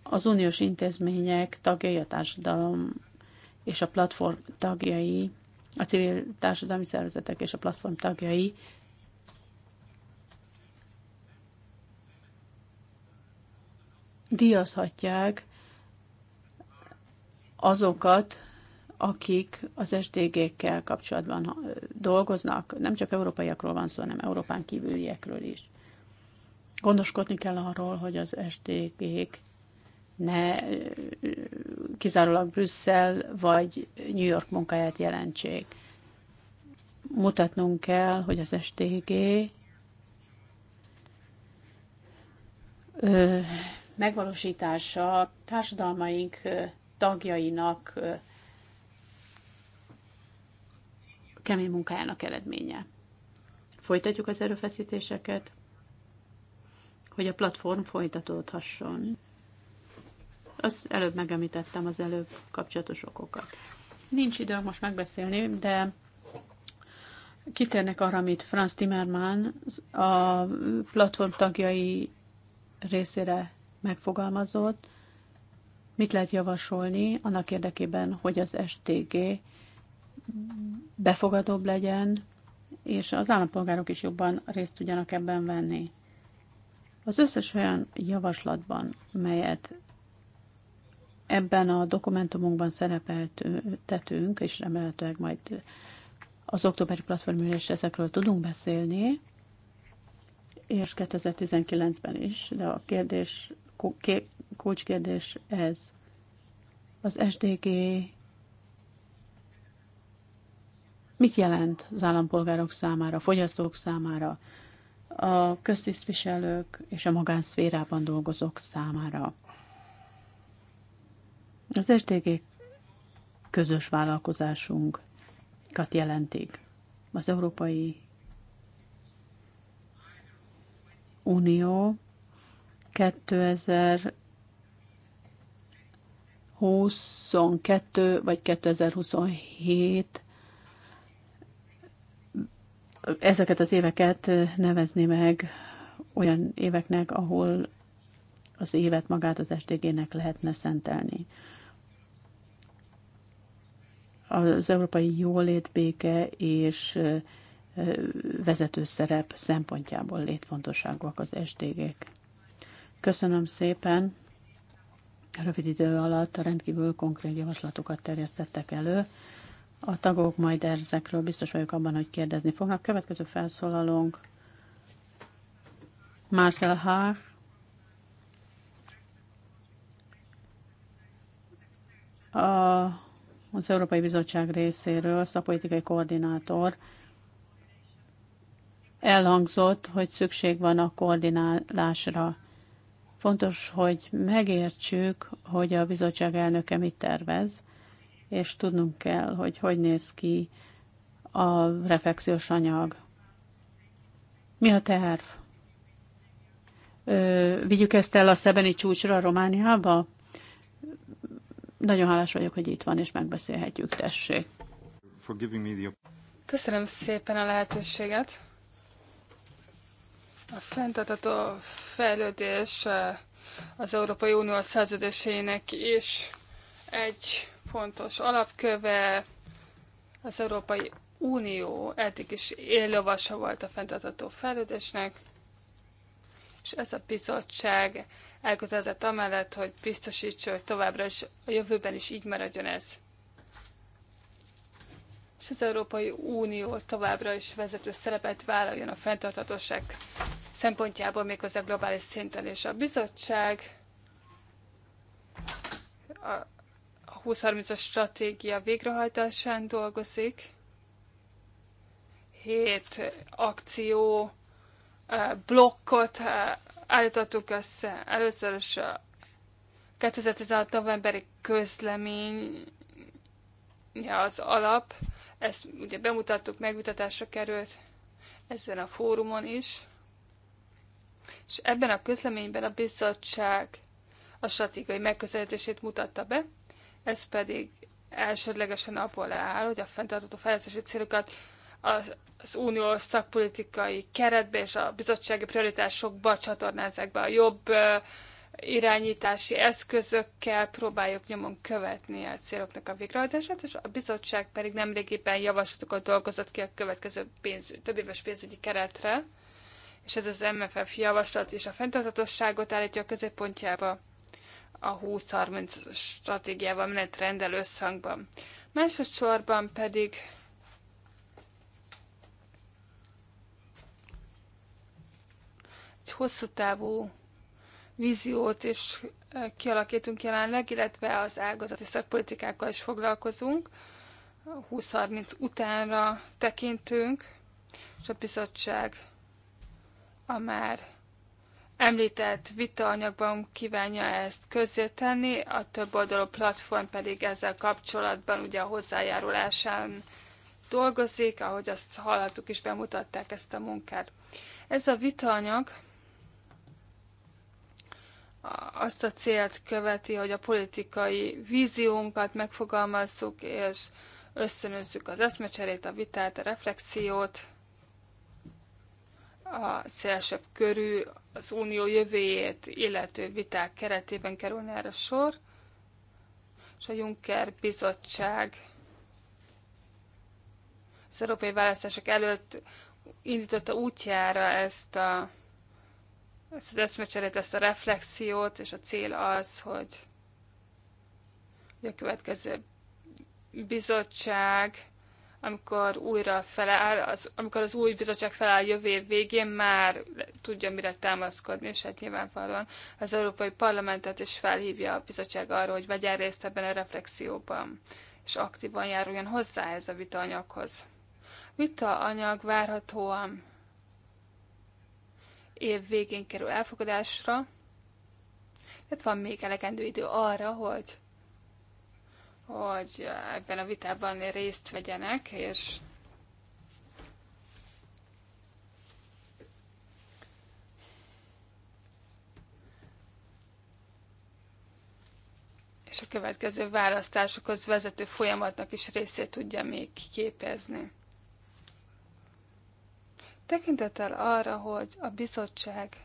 Az uniós intézmények tagjai, a társadalom és a platform tagjai, a civil társadalmi szervezetek és a platform tagjai díjazhatják azokat, akik az SDG-kkel kapcsolatban dolgoznak. Nem csak európaiakról van szó, hanem Európán kívüliekről is. Gondoskodni kell arról, hogy az SDG-k ne kizárólag Brüsszel vagy New York munkáját jelentsék. Mutatnunk kell, hogy az STG megvalósítása társadalmaink tagjainak kemény munkájának eredménye. Folytatjuk az erőfeszítéseket, hogy a platform folytatódhasson. Az előbb megemlítettem az előbb kapcsolatos okokat. Nincs idő most megbeszélni, de kitérnek arra, amit Franz Timmermann a platform tagjai részére megfogalmazott, mit lehet javasolni annak érdekében, hogy az STG befogadóbb legyen, és az állampolgárok is jobban részt tudjanak ebben venni. Az összes olyan javaslatban, melyet ebben a dokumentumunkban szerepeltetünk, és remélhetőleg majd az októberi platforműn is ezekről tudunk beszélni, és 2019-ben is, de a kérdés kulcskérdés ez. Az SDG mit jelent az állampolgárok számára, a fogyasztók számára, a köztisztviselők és a magánszférában dolgozók számára? Az SDG közös vállalkozásunkat jelentik. Az Európai Unió 2022 vagy 2027 ezeket az éveket nevezni meg olyan éveknek, ahol az évet magát az SDG-nek lehetne szentelni. Az európai jólét, béke és vezető szerep szempontjából létfontosságúak az SDG-k. Köszönöm szépen. Rövid idő alatt a rendkívül konkrét javaslatokat terjesztettek elő. A tagok majd ezekről biztos vagyok abban, hogy kérdezni fognak. Következő felszólalónk Marcel Haar, a, az Európai Bizottság részéről szakpolitikai koordinátor elhangzott, hogy szükség van a koordinálásra. Fontos, hogy megértsük, hogy a bizottság elnöke mit tervez, és tudnunk kell, hogy hogy néz ki a reflexiós anyag. Mi a terv? Ö, vigyük ezt el a Szebeni csúcsra Romániába? Nagyon hálás vagyok, hogy itt van, és megbeszélhetjük, tessék. Köszönöm szépen a lehetőséget. A fenntartató fejlődés eh, az Európai Unió szerződésének is egy fontos alapköve. Az Európai Unió eddig is éllovasa volt a fenntartató fejlődésnek, és ez a bizottság elkötelezett amellett, hogy biztosítsa, hogy továbbra is a jövőben is így maradjon ez és az Európai Unió továbbra is vezető szerepet vállaljon a fenntarthatóság szempontjából, méghozzá globális szinten. És a bizottság a 2030-as stratégia végrehajtásán dolgozik, hét eh, akció eh, blokkot eh, állítottuk össze. Először is a 2016. novemberi közlemény az alap ezt ugye bemutattuk, megvitatásra került ezen a fórumon is. És ebben a közleményben a bizottság a stratégiai megközelítését mutatta be, ez pedig elsődlegesen abból áll, hogy a fenntartató fejlesztési célokat az, az uniós szakpolitikai keretbe és a bizottsági prioritásokba csatornázzák be a jobb irányítási eszközökkel próbáljuk nyomon követni a céloknak a végrehajtását, és a bizottság pedig nemrégiben javaslatokat dolgozott ki a következő több éves pénzügyi keretre, és ez az MFF javaslat és a fenntarthatóságot állítja a középpontjába a 2030 stratégiával rendel összhangban. Másodszorban pedig egy hosszú távú víziót is eh, kialakítunk jelenleg, illetve az ágazati szakpolitikákkal is foglalkozunk. 20 utánra tekintünk, és a bizottság a már említett vitaanyagban kívánja ezt közzétenni, a több oldalú platform pedig ezzel kapcsolatban ugye a hozzájárulásán dolgozik, ahogy azt hallhattuk is, bemutatták ezt a munkát. Ez a vitaanyag azt a célt követi, hogy a politikai víziónkat megfogalmazzuk, és ösztönözzük az eszmecserét, a vitát, a reflexiót, a szélesebb körű, az unió jövőjét illető viták keretében kerülne erre sor, és a Juncker bizottság az európai választások előtt indította útjára ezt a ezt az eszmecserét, ezt a reflexiót, és a cél az, hogy a következő bizottság, amikor újra feláll, az, amikor az új bizottság feláll jövő év végén, már tudja, mire támaszkodni, és hát nyilvánvalóan az Európai Parlamentet is felhívja a bizottság arra, hogy vegyen részt ebben a reflexióban, és aktívan járuljon hozzá ez a vitaanyaghoz. anyag várhatóan év végén kerül elfogadásra, tehát van még elegendő idő arra, hogy, hogy ebben a vitában részt vegyenek, és és a következő választásokhoz vezető folyamatnak is részét tudja még képezni. Tekintettel arra, hogy a bizottság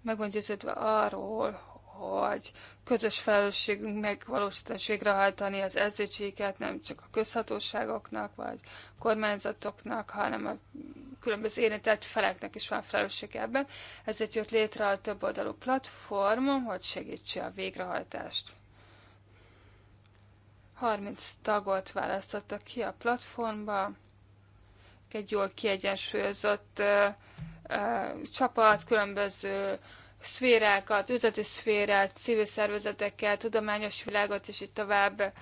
meg van győződve arról, hogy közös felelősségünk megvalósítás végrehajtani az szdg nem csak a közhatóságoknak vagy kormányzatoknak, hanem a különböző érintett feleknek is van felelősség ebben. Ezért jött létre a több oldalú platform, hogy segítse a végrehajtást. 30 tagot választottak ki a platformba, egy jól kiegyensúlyozott csapat, különböző szférákat, üzleti szférát, civil szervezetekkel, tudományos világot és így tovább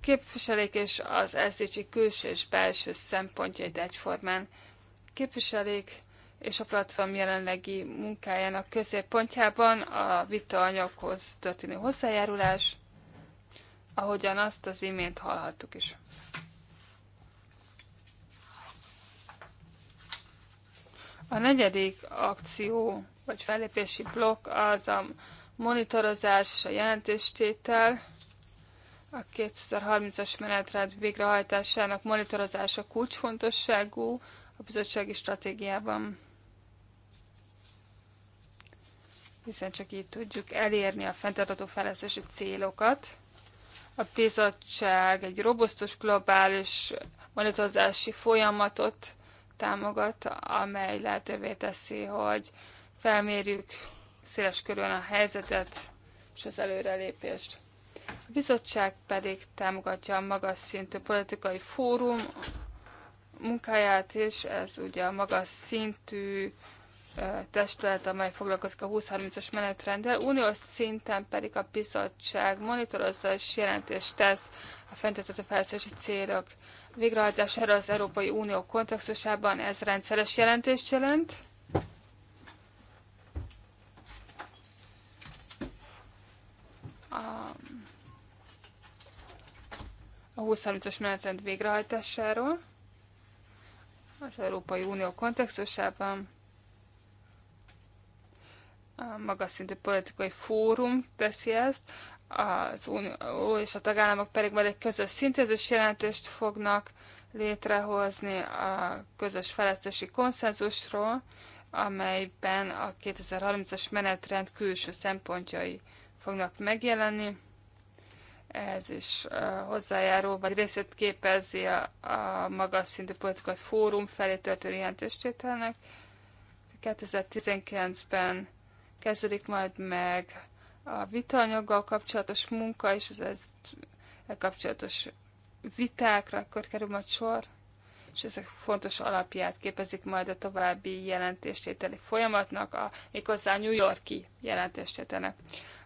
képviselik, és az SZDC külső és belső szempontjait egyformán képviselik, és a platform jelenlegi munkájának középpontjában a vitaanyaghoz történő hozzájárulás, ahogyan azt az imént hallhattuk is. A negyedik akció vagy fellépési blokk az a monitorozás és a jelentéstétel, a 2030-as menetrend végrehajtásának monitorozása kulcsfontosságú a bizottsági stratégiában. Hiszen csak így tudjuk elérni a fenntartható fejlesztési célokat. A bizottság egy robusztus globális monitorozási folyamatot támogat, amely lehetővé teszi, hogy felmérjük széles körülön a helyzetet és az előrelépést. A bizottság pedig támogatja a magas szintű politikai fórum munkáját és ez ugye a magas szintű testület, amely foglalkozik a 2030-as menetrenddel. Uniós szinten pedig a bizottság monitorozza és jelentést tesz a fenntartható fejlesztési célok végrehajtására az Európai Unió kontextusában ez rendszeres jelentést jelent. A, 25-ös menetrend végrehajtásáról az Európai Unió kontextusában a magas szintű politikai fórum teszi ezt, az Unió és a tagállamok pedig majd egy közös szintézis jelentést fognak létrehozni a közös fejlesztési konszenzusról, amelyben a 2030-as menetrend külső szempontjai fognak megjelenni. Ez is hozzájárul, vagy részét képezi a, a magas szintű politikai fórum felé történő jelentéstételnek. 2019-ben kezdődik majd meg a vitanyaggal kapcsolatos munka és az ez kapcsolatos vitákra akkor kerül majd sor, és ezek fontos alapját képezik majd a további jelentéstételi folyamatnak, a, méghozzá a New Yorki jelentéstételnek.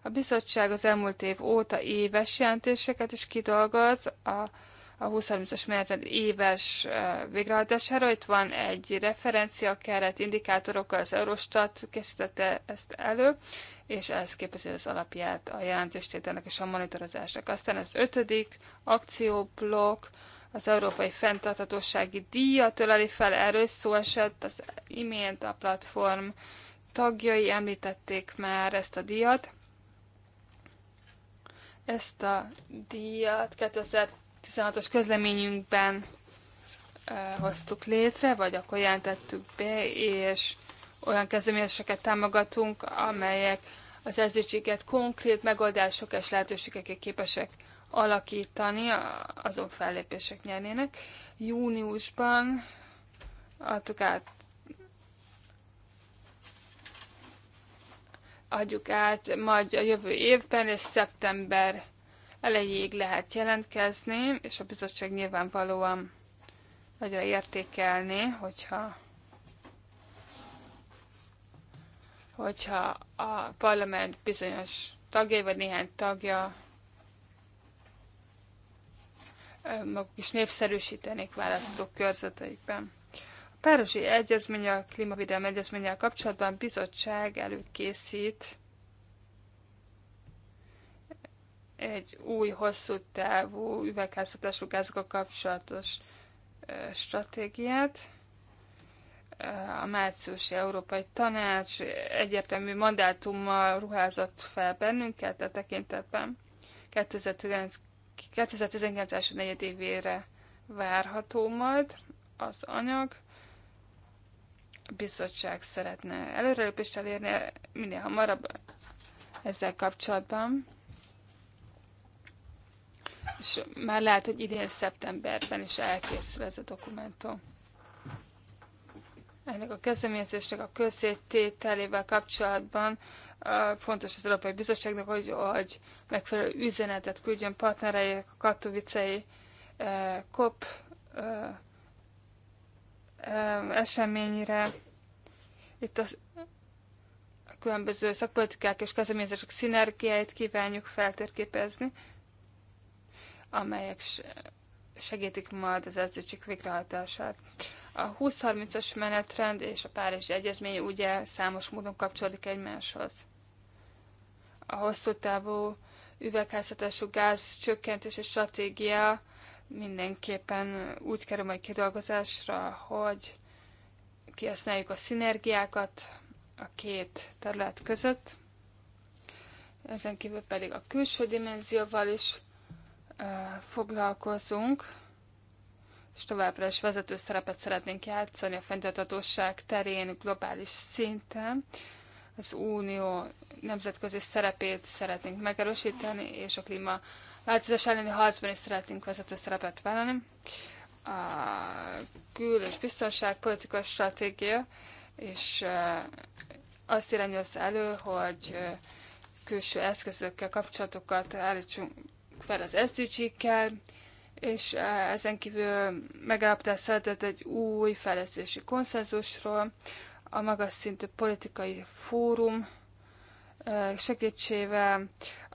A bizottság az elmúlt év óta éves jelentéseket is kidolgoz a a 2030-as menetrend éves végrehajtására. Itt van egy referencia keret indikátorokkal, az Eurostat készítette ezt elő, és ez képezi az alapját a jelentéstételnek és a monitorozásnak. Aztán az ötödik akcióblokk, az Európai Fenntarthatósági Díjat öleli fel, erről szó esett, az imént a platform tagjai említették már ezt a díjat. Ezt a díjat 2000 16-os közleményünkben hoztuk létre, vagy akkor jelentettük be, és olyan kezdeményezéseket támogatunk, amelyek az edzőséget konkrét megoldások és lehetőségeket képesek alakítani, azon fellépések nyernének. Júniusban adtuk át adjuk át majd a jövő évben, és szeptember elejéig lehet jelentkezni, és a bizottság nyilvánvalóan nagyra értékelni, hogyha hogyha a parlament bizonyos tagja, vagy néhány tagja maguk is népszerűsítenék választók körzeteikben. A Párosi Egyezmény a klímavédelmi egyezménnyel kapcsolatban bizottság előkészít egy új, hosszú távú üvegházhatású gázokkal kapcsolatos stratégiát. A márciusi Európai Tanács egyértelmű mandátummal ruházott fel bennünket a e tekintetben. 2019, 2019 első negyedévére várható majd az anyag. A bizottság szeretne előrelépést elérni minél hamarabb ezzel kapcsolatban és már lehet, hogy idén szeptemberben is elkészül ez a dokumentum. Ennek a kezdeményezésnek a közétételével kapcsolatban fontos az Európai Bizottságnak, hogy, hogy megfelelő üzenetet küldjön partnerei, a katowicei eh, COP eh, eh, eseményre. Itt az különböző szakpolitikák és kezdeményezések szinergiáit kívánjuk feltérképezni amelyek segítik majd az edzőcsik végrehajtását. A 20-30-as menetrend és a Párizsi Egyezmény ugye számos módon kapcsolódik egymáshoz. A hosszú távú üvegházhatású gáz csökkentési stratégia mindenképpen úgy kerül majd kidolgozásra, hogy kihasználjuk a szinergiákat a két terület között. Ezen kívül pedig a külső dimenzióval is foglalkozunk, és továbbra is vezető szerepet szeretnénk játszani a fenntarthatóság terén globális szinten. Az unió nemzetközi szerepét szeretnénk megerősíteni, és a klíma változás elleni harcban is szeretnénk vezető szerepet vállalni. A kül- és biztonságpolitikai stratégia, és azt irányoz elő, hogy külső eszközökkel kapcsolatokat állítsunk fel az SDG-kkel, és e, ezen kívül megállapodás született egy új fejlesztési konszenzusról, a magas szintű politikai fórum e, segítségével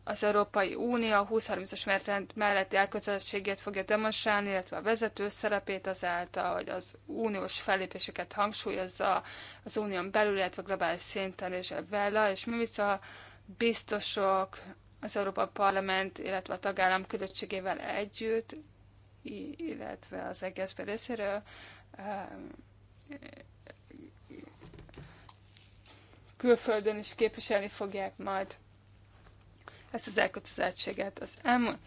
az Európai Unió a 2030-as menetrend melletti elkötelezettségét fogja demonstrálni, illetve a vezető szerepét azáltal, hogy az uniós fellépéseket hangsúlyozza az unión belül, illetve globális szinten, és Vella és Mimica biztosok az Európa Parlament, illetve a tagállam küldöttségével együtt, illetve az egész részéről um, külföldön is képviselni fogják majd ezt az elkötelezettséget. Az elmúlt,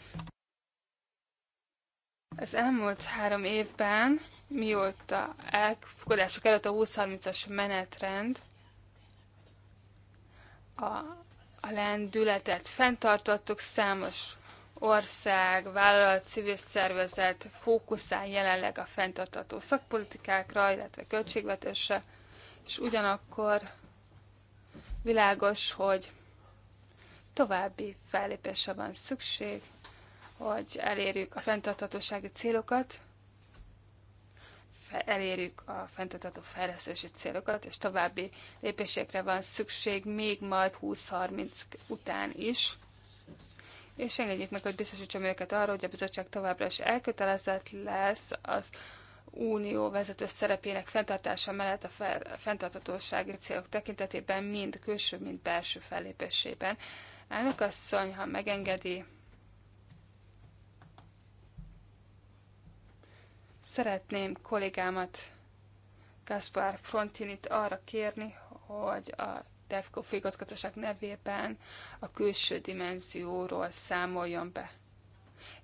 az elmúlt három évben, mióta elfogadások előtt a 20-30-as menetrend, a a lendületet Fentartottuk számos ország, vállalat, civil szervezet fókuszál jelenleg a fenntartató szakpolitikákra, illetve költségvetésre, és ugyanakkor világos, hogy további fellépésre van szükség, hogy elérjük a fenntarthatósági célokat, elérjük a fenntartható fejlesztési célokat, és további lépésekre van szükség, még majd 20-30 után is. És engedjék meg, hogy biztosítsam őket arra, hogy a bizottság továbbra is elkötelezett lesz az unió vezető szerepének fenntartása mellett a fenntartatósági célok tekintetében mind külső, mind belső fellépésében. Elnök asszony, ha megengedi, Szeretném kollégámat Gaspar Frontinit arra kérni, hogy a DEFCO főigazgatóság nevében a külső dimenzióról számoljon be.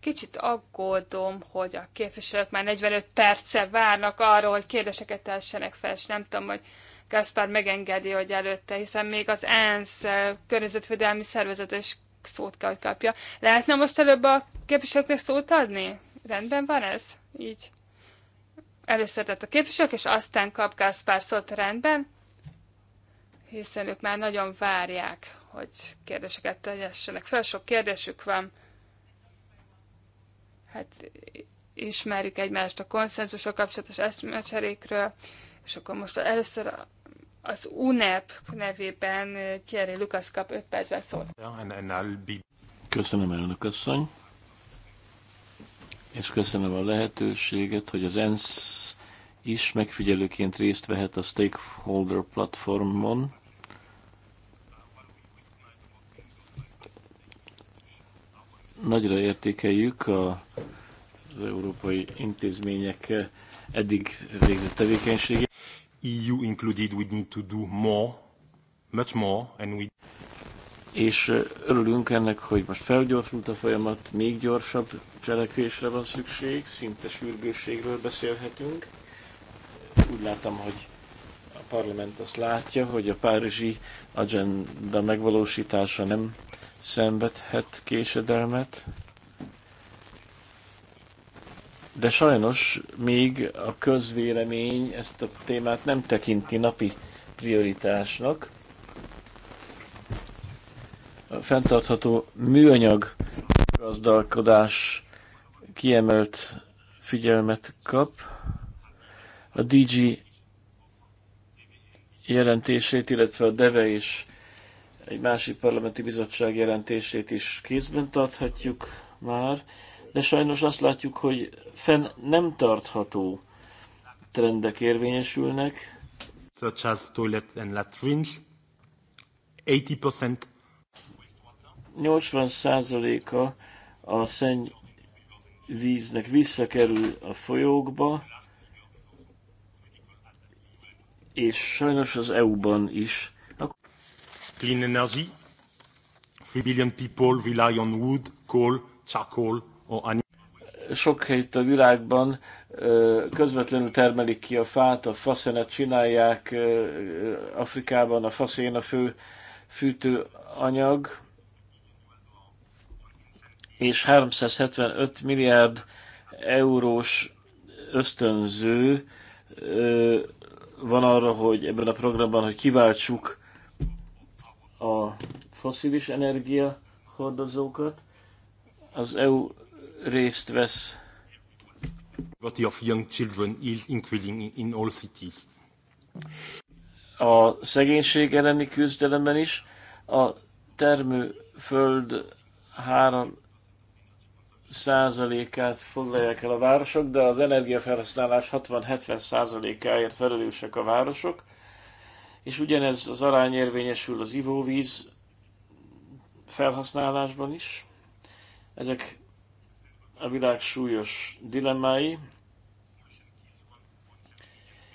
Kicsit aggódom, hogy a képviselők már 45 perce várnak arra, hogy kérdéseket tessenek fel, és nem tudom, hogy Gaspar megengedi, hogy előtte, hiszen még az ENSZ eh, környezetvédelmi szervezet is szót kell, hogy kapja. Lehetne most előbb a képviselőknek szót adni? Rendben van ez? Így. Először tett a képviselők, és aztán kap Gaspar szót rendben, hiszen ők már nagyon várják, hogy kérdéseket tegyessenek fel, sok kérdésük van. Hát ismerjük egymást a konszenzusok kapcsolatos eszmecserékről, és akkor most először az UNEP nevében Thierry Lukasz kap 5 percben szót. Köszönöm, elnök asszony és köszönöm a lehetőséget, hogy az ENSZ is megfigyelőként részt vehet a stakeholder platformon. Nagyra értékeljük a, az európai intézmények eddig végzett tevékenységét. EU included, we need to do more, much more, and we és örülünk ennek, hogy most felgyorsult a folyamat, még gyorsabb cselekvésre van szükség, szinte sürgősségről beszélhetünk. Úgy látom, hogy a parlament azt látja, hogy a párizsi agenda megvalósítása nem szenvedhet késedelmet, de sajnos még a közvélemény ezt a témát nem tekinti napi prioritásnak, fenntartható műanyag gazdálkodás kiemelt figyelmet kap. A DG jelentését, illetve a DEVE e és egy másik parlamenti bizottság jelentését is kézben tarthatjuk már, de sajnos azt látjuk, hogy fenn nem tartható trendek érvényesülnek. Such as toilet and latrines, 80% 80%-a a szennyvíznek visszakerül a folyókba, és sajnos az EU-ban is. Clean energy. Three billion people rely on wood, coal, charcoal or any... Sok helyt a világban közvetlenül termelik ki a fát, a faszenet csinálják, Afrikában a faszén a fő fűtőanyag, és 375 milliárd eurós ösztönző van arra, hogy ebben a programban, hogy kiváltsuk a foszilis energia hordozókat. Az EU részt vesz. of young children is increasing in all cities. A szegénység elleni küzdelemben is a termőföld három százalékát foglalják el a városok, de az energiafelhasználás 60-70 százalékáért felelősek a városok, és ugyanez az arány érvényesül az ivóvíz felhasználásban is. Ezek a világ súlyos dilemmái.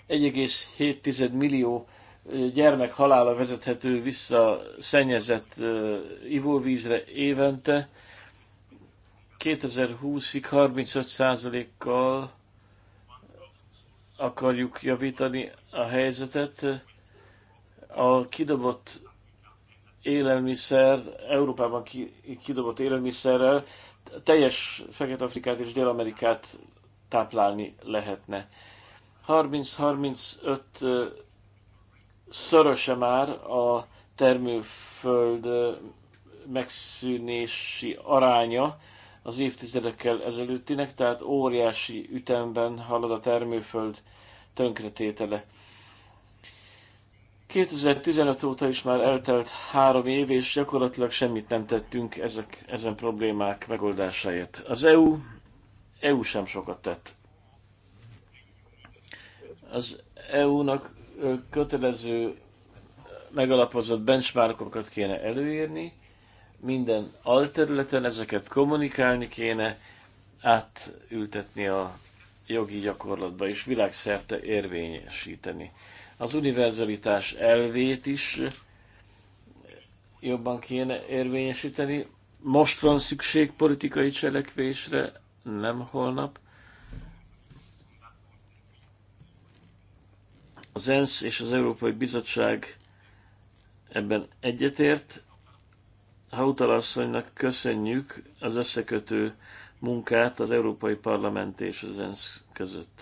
1,7 millió gyermek halála vezethető vissza szennyezett ivóvízre évente, 2020-ig 35%-kal akarjuk javítani a helyzetet. A kidobott élelmiszer, Európában kidobott élelmiszerrel teljes Fekete-Afrikát és Dél-Amerikát táplálni lehetne. 30-35 szöröse már a termőföld megszűnési aránya az évtizedekkel ezelőttinek, tehát óriási ütemben halad a termőföld tönkretétele. 2015 óta is már eltelt három év, és gyakorlatilag semmit nem tettünk ezek, ezen problémák megoldásáért. Az EU, EU sem sokat tett. Az EU-nak kötelező megalapozott benchmarkokat kéne előírni, minden alterületen, ezeket kommunikálni kéne, átültetni a jogi gyakorlatba és világszerte érvényesíteni. Az univerzalitás elvét is jobban kéne érvényesíteni. Most van szükség politikai cselekvésre, nem holnap. Az ENSZ és az Európai Bizottság ebben egyetért, Hautala asszonynak köszönjük az összekötő munkát az Európai Parlament és az ENSZ között.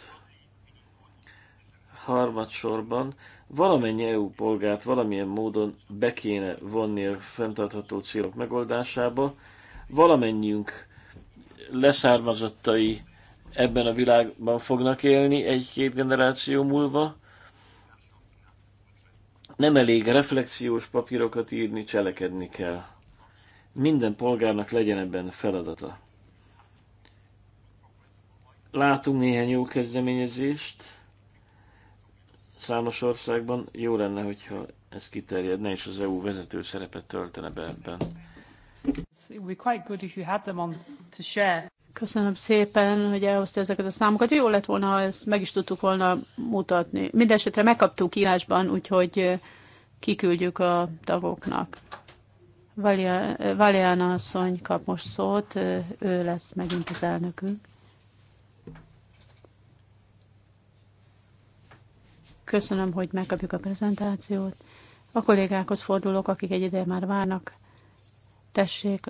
Harmadsorban valamennyi EU polgárt valamilyen módon be kéne vonni a fenntartható célok megoldásába. Valamennyiünk leszármazottai ebben a világban fognak élni egy-két generáció múlva. Nem elég reflexiós papírokat írni, cselekedni kell. Minden polgárnak legyen ebben feladata. Látunk néhány jó kezdeményezést számos országban. Jó lenne, hogyha ez kiterjedne, és az EU vezető szerepet töltene be ebben. Köszönöm szépen, hogy elhozta ezeket a számokat. Jó lett volna, ha ezt meg is tudtuk volna mutatni. Mindenesetre megkaptuk írásban, úgyhogy eh, kiküldjük a tagoknak. Valiana asszony kap most szót, ő lesz megint az elnökünk. Köszönöm, hogy megkapjuk a prezentációt. A kollégákhoz fordulok, akik egy ideje már várnak. Tessék,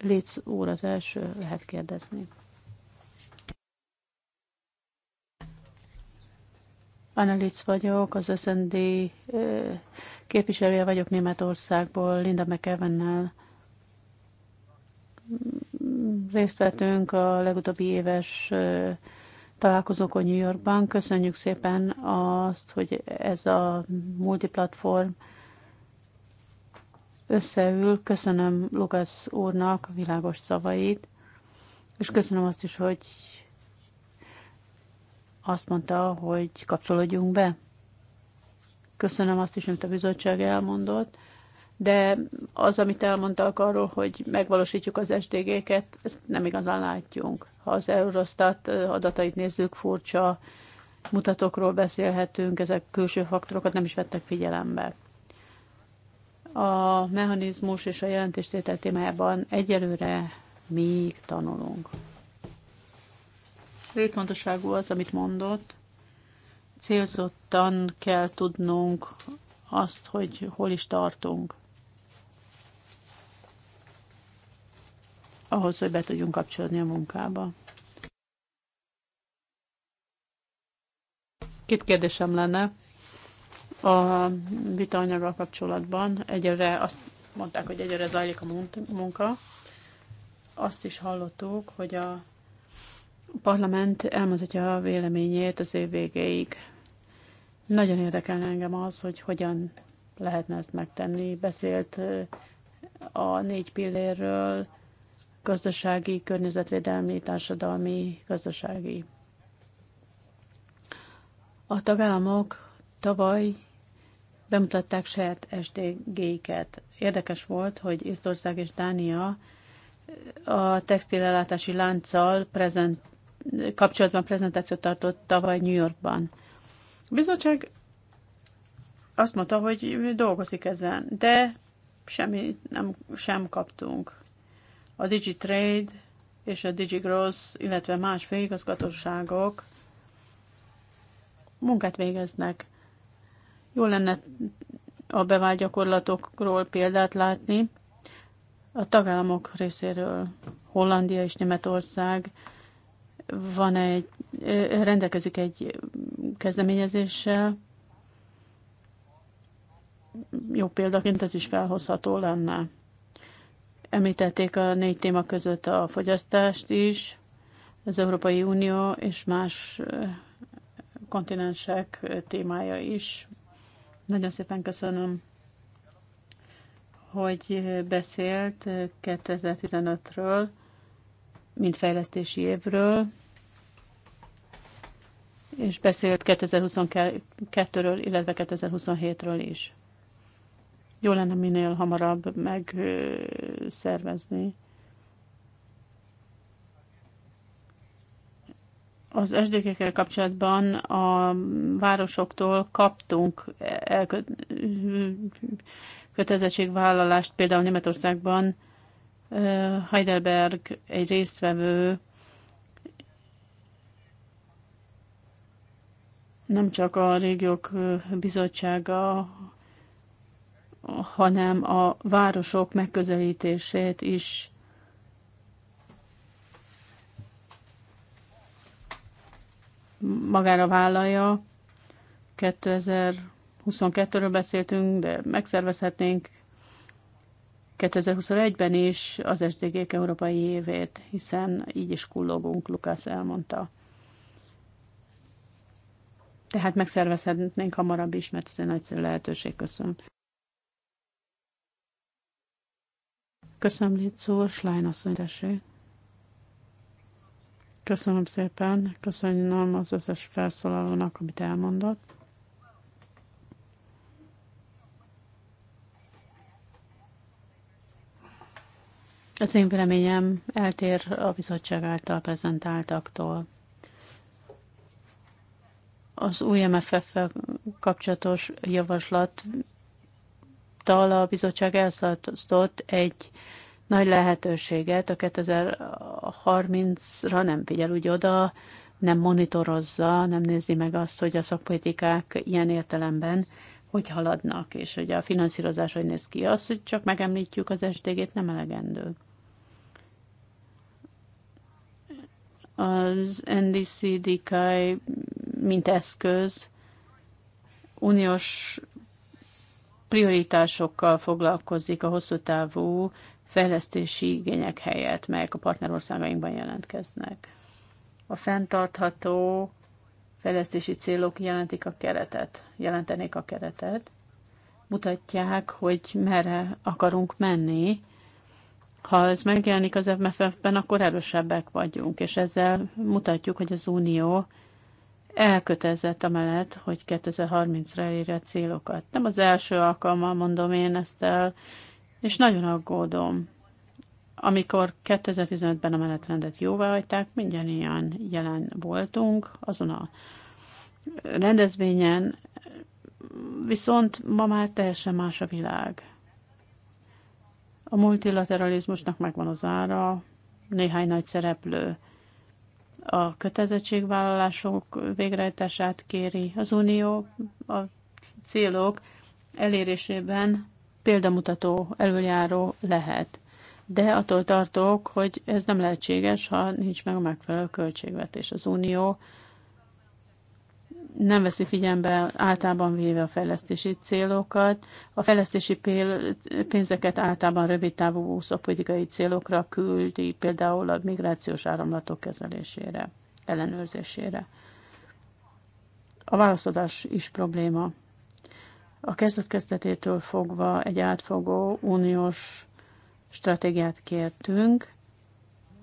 Litz úr az első, lehet kérdezni. Anna Litz vagyok, az SND Képviselője vagyok Németországból, Linda McEvennel. Részt vettünk a legutóbbi éves találkozókon New Yorkban. Köszönjük szépen azt, hogy ez a multiplatform összeül. Köszönöm Lukasz úrnak a világos szavait, és köszönöm azt is, hogy azt mondta, hogy kapcsolódjunk be köszönöm azt is, amit a bizottság elmondott, de az, amit elmondtak arról, hogy megvalósítjuk az SDG-ket, ezt nem igazán látjunk. Ha az Eurostat adatait nézzük, furcsa mutatókról beszélhetünk, ezek külső faktorokat nem is vettek figyelembe. A mechanizmus és a jelentéstétel témájában egyelőre még tanulunk. Létfontosságú az, amit mondott, célzottan kell tudnunk azt, hogy hol is tartunk. ahhoz, hogy be tudjunk kapcsolni a munkába. Két kérdésem lenne a vitaanyaggal kapcsolatban. Egyre azt mondták, hogy egyre zajlik a munka. Azt is hallottuk, hogy a parlament elmondhatja a véleményét az év végéig. Nagyon érdekelne engem az, hogy hogyan lehetne ezt megtenni. Beszélt a négy pillérről, gazdasági, környezetvédelmi, társadalmi, gazdasági. A tagállamok tavaly bemutatták saját SDG-ket. Érdekes volt, hogy Észtország és Dánia a textilellátási lánccal prezent, kapcsolatban prezentációt tartott tavaly New Yorkban. A bizottság azt mondta, hogy dolgozik ezen, de semmi nem, sem kaptunk. A DigiTrade és a DigiGross, illetve más végigazgatóságok munkát végeznek. Jó lenne a bevált gyakorlatokról példát látni. A tagállamok részéről Hollandia és Németország van egy, rendelkezik egy kezdeményezéssel, jó példaként ez is felhozható lenne. Említették a négy téma között a fogyasztást is, az Európai Unió és más kontinensek témája is. Nagyon szépen köszönöm, hogy beszélt 2015-ről, mint fejlesztési évről és beszélt 2022-ről, illetve 2027-ről is. Jó lenne minél hamarabb megszervezni. Az sdk kapcsolatban a városoktól kaptunk kötelezettségvállalást, például Németországban Heidelberg egy résztvevő nem csak a régiók bizottsága, hanem a városok megközelítését is magára vállalja. 2022-ről beszéltünk, de megszervezhetnénk 2021-ben is az SDG-k európai évét, hiszen így is kullogunk, Lukász elmondta. Tehát megszervezhetnénk hamarabb is, mert ez egy nagyszerű lehetőség. Köszönöm. Köszönöm, Litzó, Slájn asszony, Köszönöm szépen, köszönöm az összes felszólalónak, amit elmondott. Az én véleményem eltér a bizottság által prezentáltaktól. Az új MFF-fel kapcsolatos javaslat tal a bizottság elszartozott egy nagy lehetőséget, a 2030-ra nem figyel úgy oda, nem monitorozza, nem nézi meg azt, hogy a szakpolitikák ilyen értelemben hogy haladnak, és hogy a finanszírozás hogy néz ki. Az, hogy csak megemlítjük az SDG-t, nem elegendő. Az NDC DKI mint eszköz uniós prioritásokkal foglalkozik a hosszú távú fejlesztési igények helyett, melyek a partnerországainkban jelentkeznek. A fenntartható fejlesztési célok jelentik a keretet, jelentenék a keretet, mutatják, hogy merre akarunk menni. Ha ez megjelenik az MFF-ben, akkor erősebbek vagyunk, és ezzel mutatjuk, hogy az Unió elkötelezett amellett, hogy 2030-ra elérje a célokat. Nem az első alkalommal mondom én ezt el, és nagyon aggódom. Amikor 2015-ben a menetrendet hagyták, mindjárt jelen voltunk azon a rendezvényen, viszont ma már teljesen más a világ. A multilateralizmusnak megvan az ára, néhány nagy szereplő a kötelezettségvállalásunk végrehajtását kéri az Unió a célok elérésében példamutató előjáró lehet. De attól tartok, hogy ez nem lehetséges, ha nincs meg a megfelelő költségvetés. Az Unió nem veszi figyelembe általában véve a fejlesztési célokat. A fejlesztési pénzeket általában rövidtávú szakpolitikai célokra küldi, például a migrációs áramlatok kezelésére, ellenőrzésére. A válaszadás is probléma. A kezdet-kezdetétől fogva egy átfogó uniós stratégiát kértünk,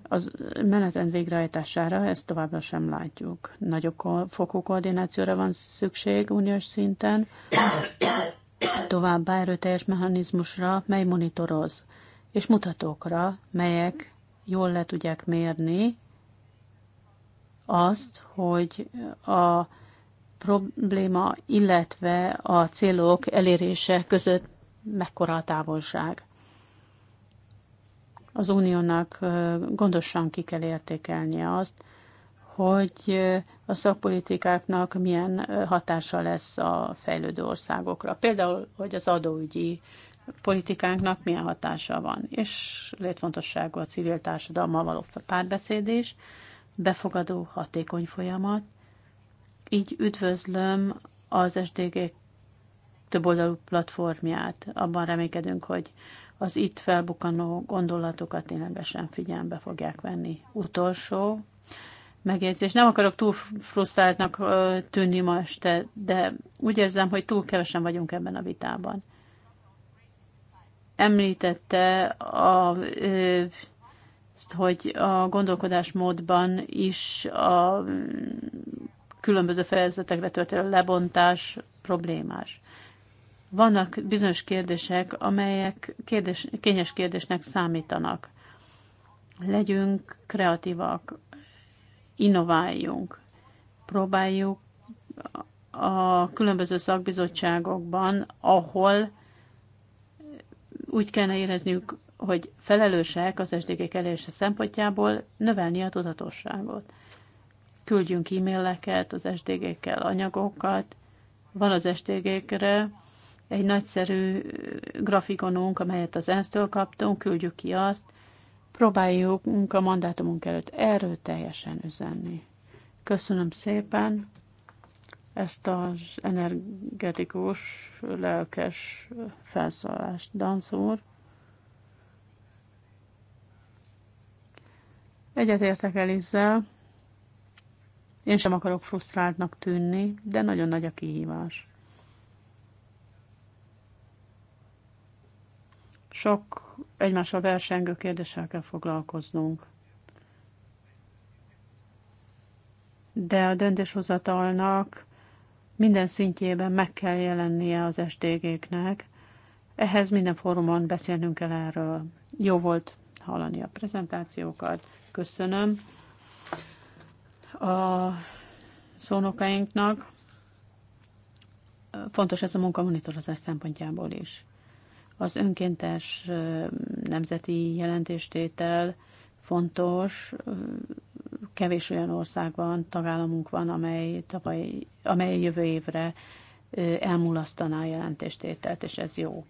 az menetrend végrehajtására ezt továbbra sem látjuk. Nagyobb fokú koordinációra van szükség uniós szinten, továbbá erőteljes mechanizmusra, mely monitoroz, és mutatókra, melyek jól le tudják mérni azt, hogy a probléma, illetve a célok elérése között mekkora a távolság az uniónak gondosan ki kell értékelnie azt, hogy a szakpolitikáknak milyen hatása lesz a fejlődő országokra. Például, hogy az adóügyi politikánknak milyen hatása van. És létfontosságú a civil társadalma való párbeszéd is, befogadó, hatékony folyamat. Így üdvözlöm az SDG többoldalú platformját. Abban remékedünk, hogy az itt felbukanó gondolatokat ténylegesen figyelembe fogják venni. Utolsó megjegyzés. Nem akarok túl frusztráltnak tűnni ma este, de úgy érzem, hogy túl kevesen vagyunk ebben a vitában. Említette, a, hogy a gondolkodásmódban is a mm, különböző fejezetekre történő lebontás problémás vannak bizonyos kérdések, amelyek kérdés, kényes kérdésnek számítanak. Legyünk kreatívak, innováljunk, próbáljuk a különböző szakbizottságokban, ahol úgy kellene érezniük, hogy felelősek az SDG elérése szempontjából növelni a tudatosságot. Küldjünk e-maileket az SDG-kkel, anyagokat, van az SDG-kre egy nagyszerű grafikonunk, amelyet az ENSZ-től kaptunk, küldjük ki azt, próbáljuk a mandátumunk előtt erőteljesen üzenni. Köszönöm szépen ezt az energetikus, lelkes felszólást, Dansz úr. Egyetértek Elizzel, én sem akarok frusztráltnak tűnni, de nagyon nagy a kihívás. Sok egymással versengő kérdéssel kell foglalkoznunk. De a döntéshozatalnak minden szintjében meg kell jelennie az SDG-knek. Ehhez minden fórumon beszélnünk kell erről. Jó volt hallani a prezentációkat. Köszönöm a szónokainknak. Fontos ez a munkamonitorozást szempontjából is. Az önkéntes nemzeti jelentéstétel fontos, kevés olyan ország van, tagállamunk van, amely, tavaly, amely jövő évre elmulasztaná a jelentéstételt, és ez jó.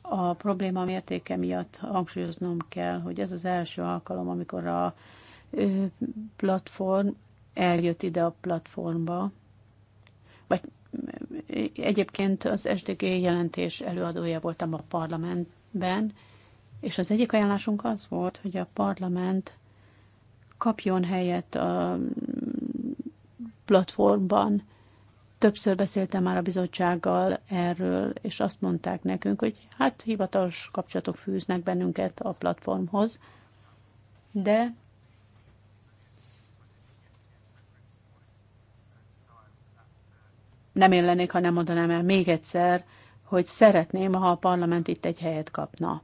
A probléma mértéke miatt hangsúlyoznom kell, hogy ez az első alkalom, amikor a platform eljött ide a platformba, vagy Egyébként az SDG jelentés előadója voltam a parlamentben, és az egyik ajánlásunk az volt, hogy a parlament kapjon helyet a platformban. Többször beszéltem már a bizottsággal erről, és azt mondták nekünk, hogy hát hivatalos kapcsolatok fűznek bennünket a platformhoz, de nem lennék, ha nem mondanám el még egyszer, hogy szeretném, ha a parlament itt egy helyet kapna.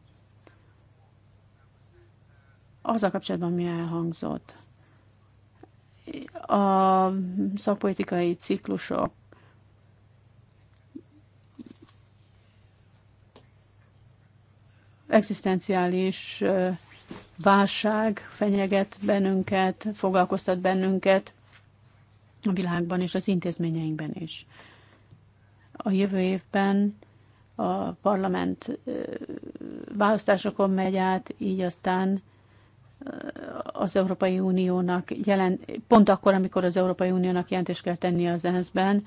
Az a kapcsolatban mi elhangzott? A szakpolitikai ciklusok egzisztenciális válság fenyeget bennünket, foglalkoztat bennünket, a világban és az intézményeinkben is. A jövő évben a parlament választásokon megy át, így aztán az Európai Uniónak jelen, pont akkor, amikor az Európai Uniónak jelentést kell tenni az ENSZ-ben,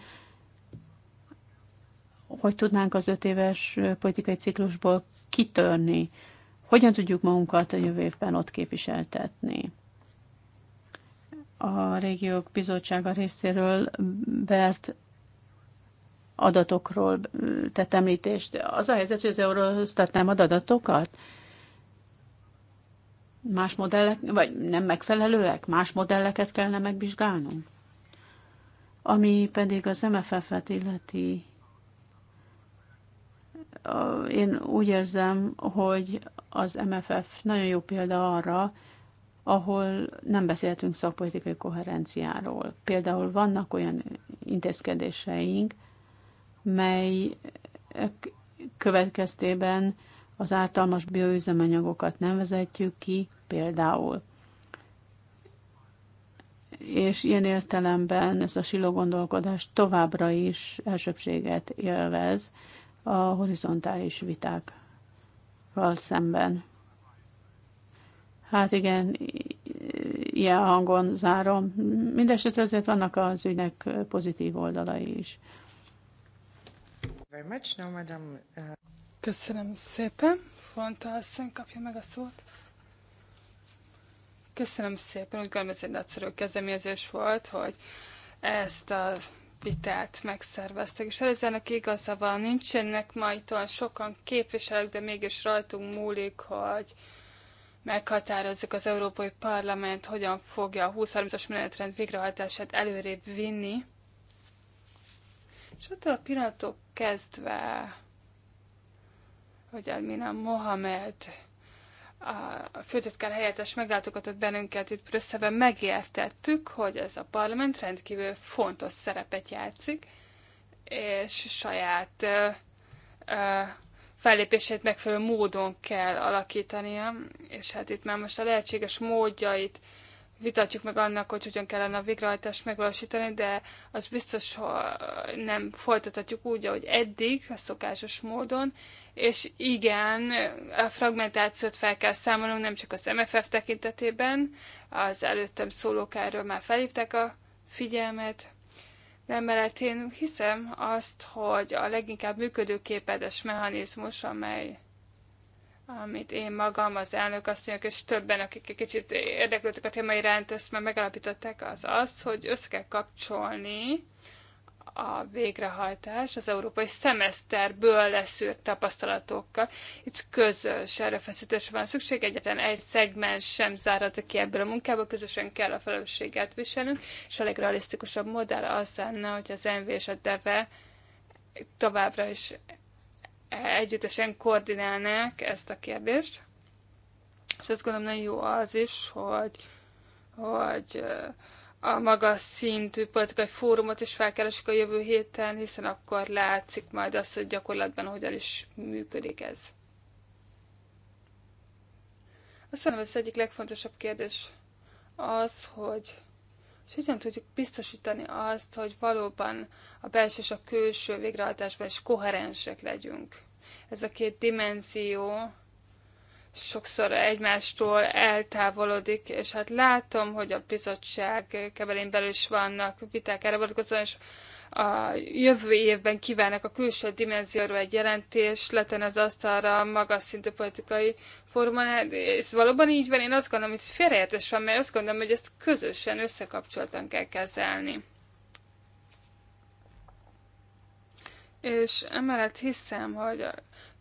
hogy tudnánk az öt éves politikai ciklusból kitörni, hogyan tudjuk magunkat a jövő évben ott képviseltetni a régiók bizottsága részéről vert adatokról tett említést. Az a helyzet, hogy az Eurostat nem ad adatokat? Más modellek, vagy nem megfelelőek? Más modelleket kellene megvizsgálnunk? Ami pedig az MFF-et illeti, én úgy érzem, hogy az MFF nagyon jó példa arra, ahol nem beszéltünk szakpolitikai koherenciáról. Például vannak olyan intézkedéseink, mely következtében az ártalmas bioüzemanyagokat nem vezetjük ki, például. És ilyen értelemben ez a silogondolkodás továbbra is elsőbséget élvez a horizontális vitákkal szemben. Hát igen, ilyen hangon zárom. Mindenesetre azért vannak az ügynek pozitív oldalai is. Uh, Köszönöm szépen. Fonta asszony kapja meg a szót. Köszönöm szépen. Úgy gondolom, ez egy nagyszerű kezdeményezés volt, hogy ezt a vitát megszerveztek, és Elizának igazából nincsenek ma itt olyan sokan képviselők, de mégis rajtunk múlik, hogy meghatározzuk az Európai Parlament, hogyan fogja a 2030-as menetrend végrehajtását előrébb vinni. És attól a pillanatok kezdve, hogy Almina Mohamed a főtetkár helyettes meglátogatott bennünket itt Brüsszelben, megértettük, hogy ez a parlament rendkívül fontos szerepet játszik, és saját uh, uh, fellépését megfelelő módon kell alakítania, és hát itt már most a lehetséges módjait vitatjuk meg annak, hogy hogyan kellene a végrehajtást megvalósítani, de az biztos, ha nem folytatjuk úgy, ahogy eddig, a szokásos módon, és igen, a fragmentációt fel kell számolnunk, nem csak az MFF tekintetében, az előttem szólókáról már felhívták a figyelmet, Emellett én hiszem azt, hogy a leginkább működőképedes mechanizmus, amely amit én magam, az elnök asszonyok, és többen, akik egy kicsit érdeklődtek a téma iránt, ezt már megállapították, az az, hogy össze kell kapcsolni a végrehajtás az európai szemeszterből leszűrt tapasztalatokkal. Itt közös erőfeszítésre van szükség, egyetlen egy szegmens sem zárható ki ebből a munkából, közösen kell a felelősséget viselnünk, és a legrealisztikusabb modell az lenne, hogy az NV és a DEVE továbbra is együttesen koordinálnák ezt a kérdést. És azt gondolom nagyon jó az is, hogy, hogy a magas szintű politikai fórumot is felkeresik a jövő héten, hiszen akkor látszik majd az, hogy gyakorlatban hogyan is működik ez. Azt mondom, az egyik legfontosabb kérdés az, hogy és hogyan tudjuk biztosítani azt, hogy valóban a belső és a külső végrehajtásban is koherensek legyünk. Ez a két dimenzió sokszor egymástól eltávolodik, és hát látom, hogy a bizottság kevelén belül is vannak viták erre vonatkozóan, és a jövő évben kívánnak a külső dimenzióról egy jelentés, leten az asztalra a magas szintű politikai fórumon. Hát ez valóban így van, én azt gondolom, hogy félreértés van, mert azt gondolom, hogy ezt közösen összekapcsoltan kell kezelni. És emellett hiszem, hogy a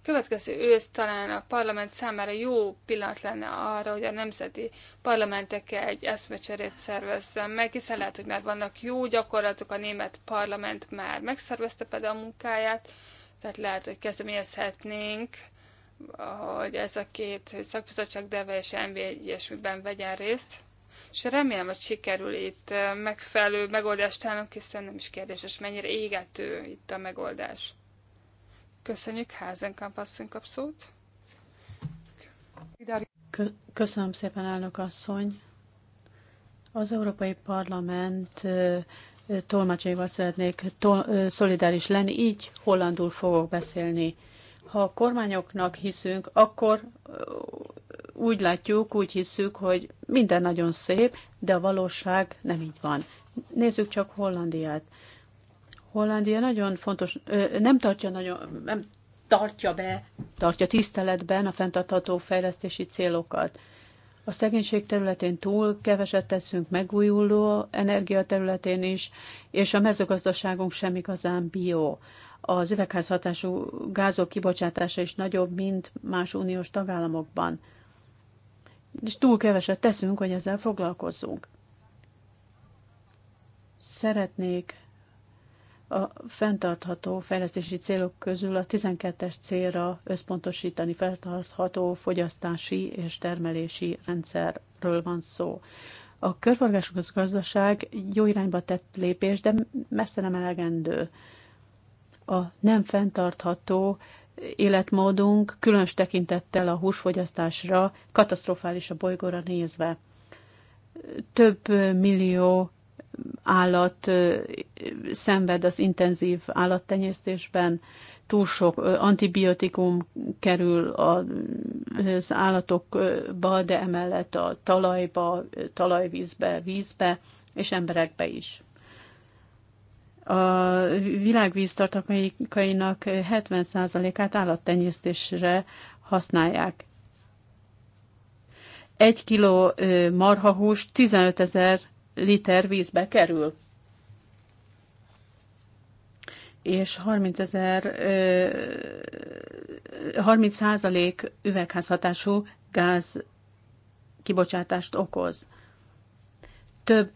következő ősz talán a parlament számára jó pillanat lenne arra, hogy a nemzeti parlamentekkel egy eszmecserét szervezzen meg, hiszen lehet, hogy már vannak jó gyakorlatok, a német parlament már megszervezte például a munkáját, tehát lehet, hogy kezdeményezhetnénk, hogy ez a két szakbizottság DEVE és MV ilyesmiben vegyen részt, és remélem, hogy sikerül itt megfelelő megoldást állunk, hiszen nem is kérdéses, mennyire égető itt a megoldás. Köszönjük, Házenkamp asszony kap szót. Köszönöm szépen, elnök asszony. Az Európai Parlament tolmácsaival szeretnék tol- szolidáris lenni, így hollandul fogok beszélni. Ha a kormányoknak hiszünk, akkor úgy látjuk, úgy hiszük, hogy minden nagyon szép, de a valóság nem így van. Nézzük csak Hollandiát. Hollandia nagyon fontos, nem tartja, nagyon, nem tartja be, tartja tiszteletben a fenntartható fejlesztési célokat. A szegénység területén túl keveset teszünk megújuló energia területén is, és a mezőgazdaságunk sem igazán bio. Az üvegházhatású gázok kibocsátása is nagyobb, mint más uniós tagállamokban. És túl keveset teszünk, hogy ezzel foglalkozzunk. Szeretnék a fenntartható fejlesztési célok közül a 12-es célra összpontosítani fenntartható fogyasztási és termelési rendszerről van szó. A körforgásos gazdaság jó irányba tett lépés, de messze nem elegendő. A nem fenntartható életmódunk különös tekintettel a húsfogyasztásra katasztrofális a bolygóra nézve. Több millió állat szenved az intenzív állattenyésztésben, túl sok antibiotikum kerül az állatokba, de emellett a talajba, talajvízbe, vízbe és emberekbe is. A világ 70%-át állattenyésztésre használják. Egy kiló marhahús 15 ezer liter vízbe kerül. És 30 ezer, 30 százalék üvegházhatású gáz kibocsátást okoz. Több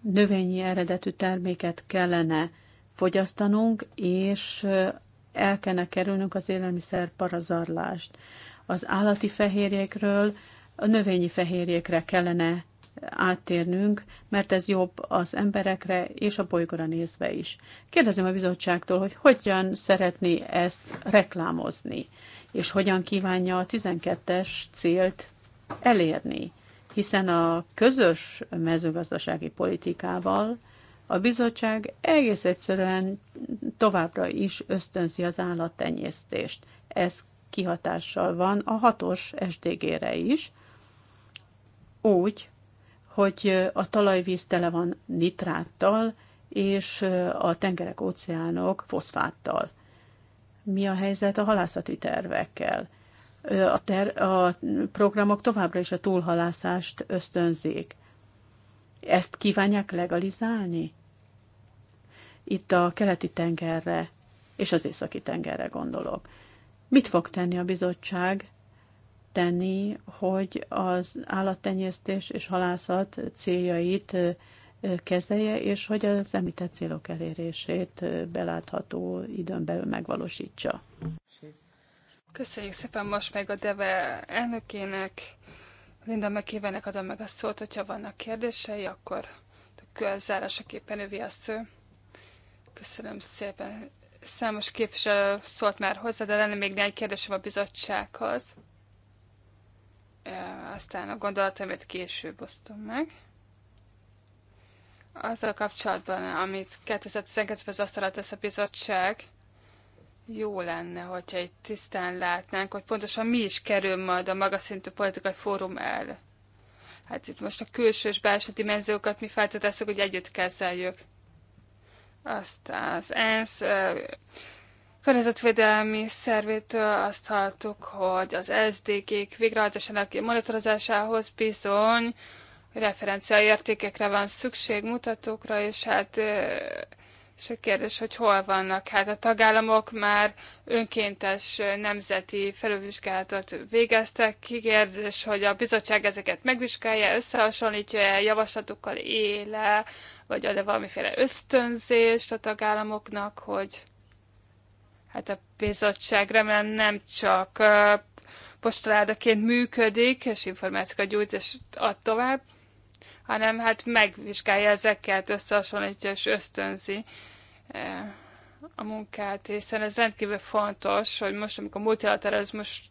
növényi eredetű terméket kellene fogyasztanunk, és el kellene kerülnünk az élelmiszer parazarlást. Az állati fehérjékről a növényi fehérjékre kellene áttérnünk, mert ez jobb az emberekre és a bolygóra nézve is. Kérdezem a bizottságtól, hogy hogyan szeretné ezt reklámozni, és hogyan kívánja a 12-es célt elérni, hiszen a közös mezőgazdasági politikával a bizottság egész egyszerűen továbbra is ösztönzi az állattenyésztést. Ez kihatással van a hatos SDG-re is, úgy, hogy a talajvíz tele van nitráttal, és a tengerek, óceánok foszfáttal. Mi a helyzet a halászati tervekkel? A, ter- a programok továbbra is a túlhalászást ösztönzik. Ezt kívánják legalizálni? Itt a keleti tengerre és az északi tengerre gondolok. Mit fog tenni a bizottság tenni, hogy az állattenyésztés és halászat céljait kezelje, és hogy az említett célok elérését belátható időn belül megvalósítsa. Köszönjük szépen most meg a DEVE elnökének, Linda McKévenek adom meg a szót, hogyha vannak kérdései, akkor zárásaképpen ővi a szó. Köszönöm szépen. Számos képviselő szólt már hozzá, de lenne még néhány kérdésem a bizottsághoz aztán a gondolataimat később osztom meg. Azzal kapcsolatban, amit 2019-ben az asztalra tesz a bizottság, jó lenne, hogyha egy tisztán látnánk, hogy pontosan mi is kerül majd a magas szintű politikai fórum el. Hát itt most a külső és belső dimenziókat mi feltételezzük, hogy együtt kezeljük. Aztán az ENSZ környezetvédelmi szervétől azt hallottuk, hogy az SDG-k végrehajtásának monitorozásához bizony referencia értékekre van szükség, mutatókra, és hát és a kérdés, hogy hol vannak. Hát a tagállamok már önkéntes nemzeti felülvizsgálatot végeztek. Kérdés, hogy a bizottság ezeket megvizsgálja, összehasonlítja-e, javaslatokkal éle, vagy ad-e valamiféle ösztönzést a tagállamoknak, hogy hát a bizottság remélem nem csak postaládaként működik, és információkat gyújt és ad tovább, hanem hát megvizsgálja ezeket, összehasonlítja és ösztönzi a munkát, hiszen ez rendkívül fontos, hogy most, amikor multilateralizmus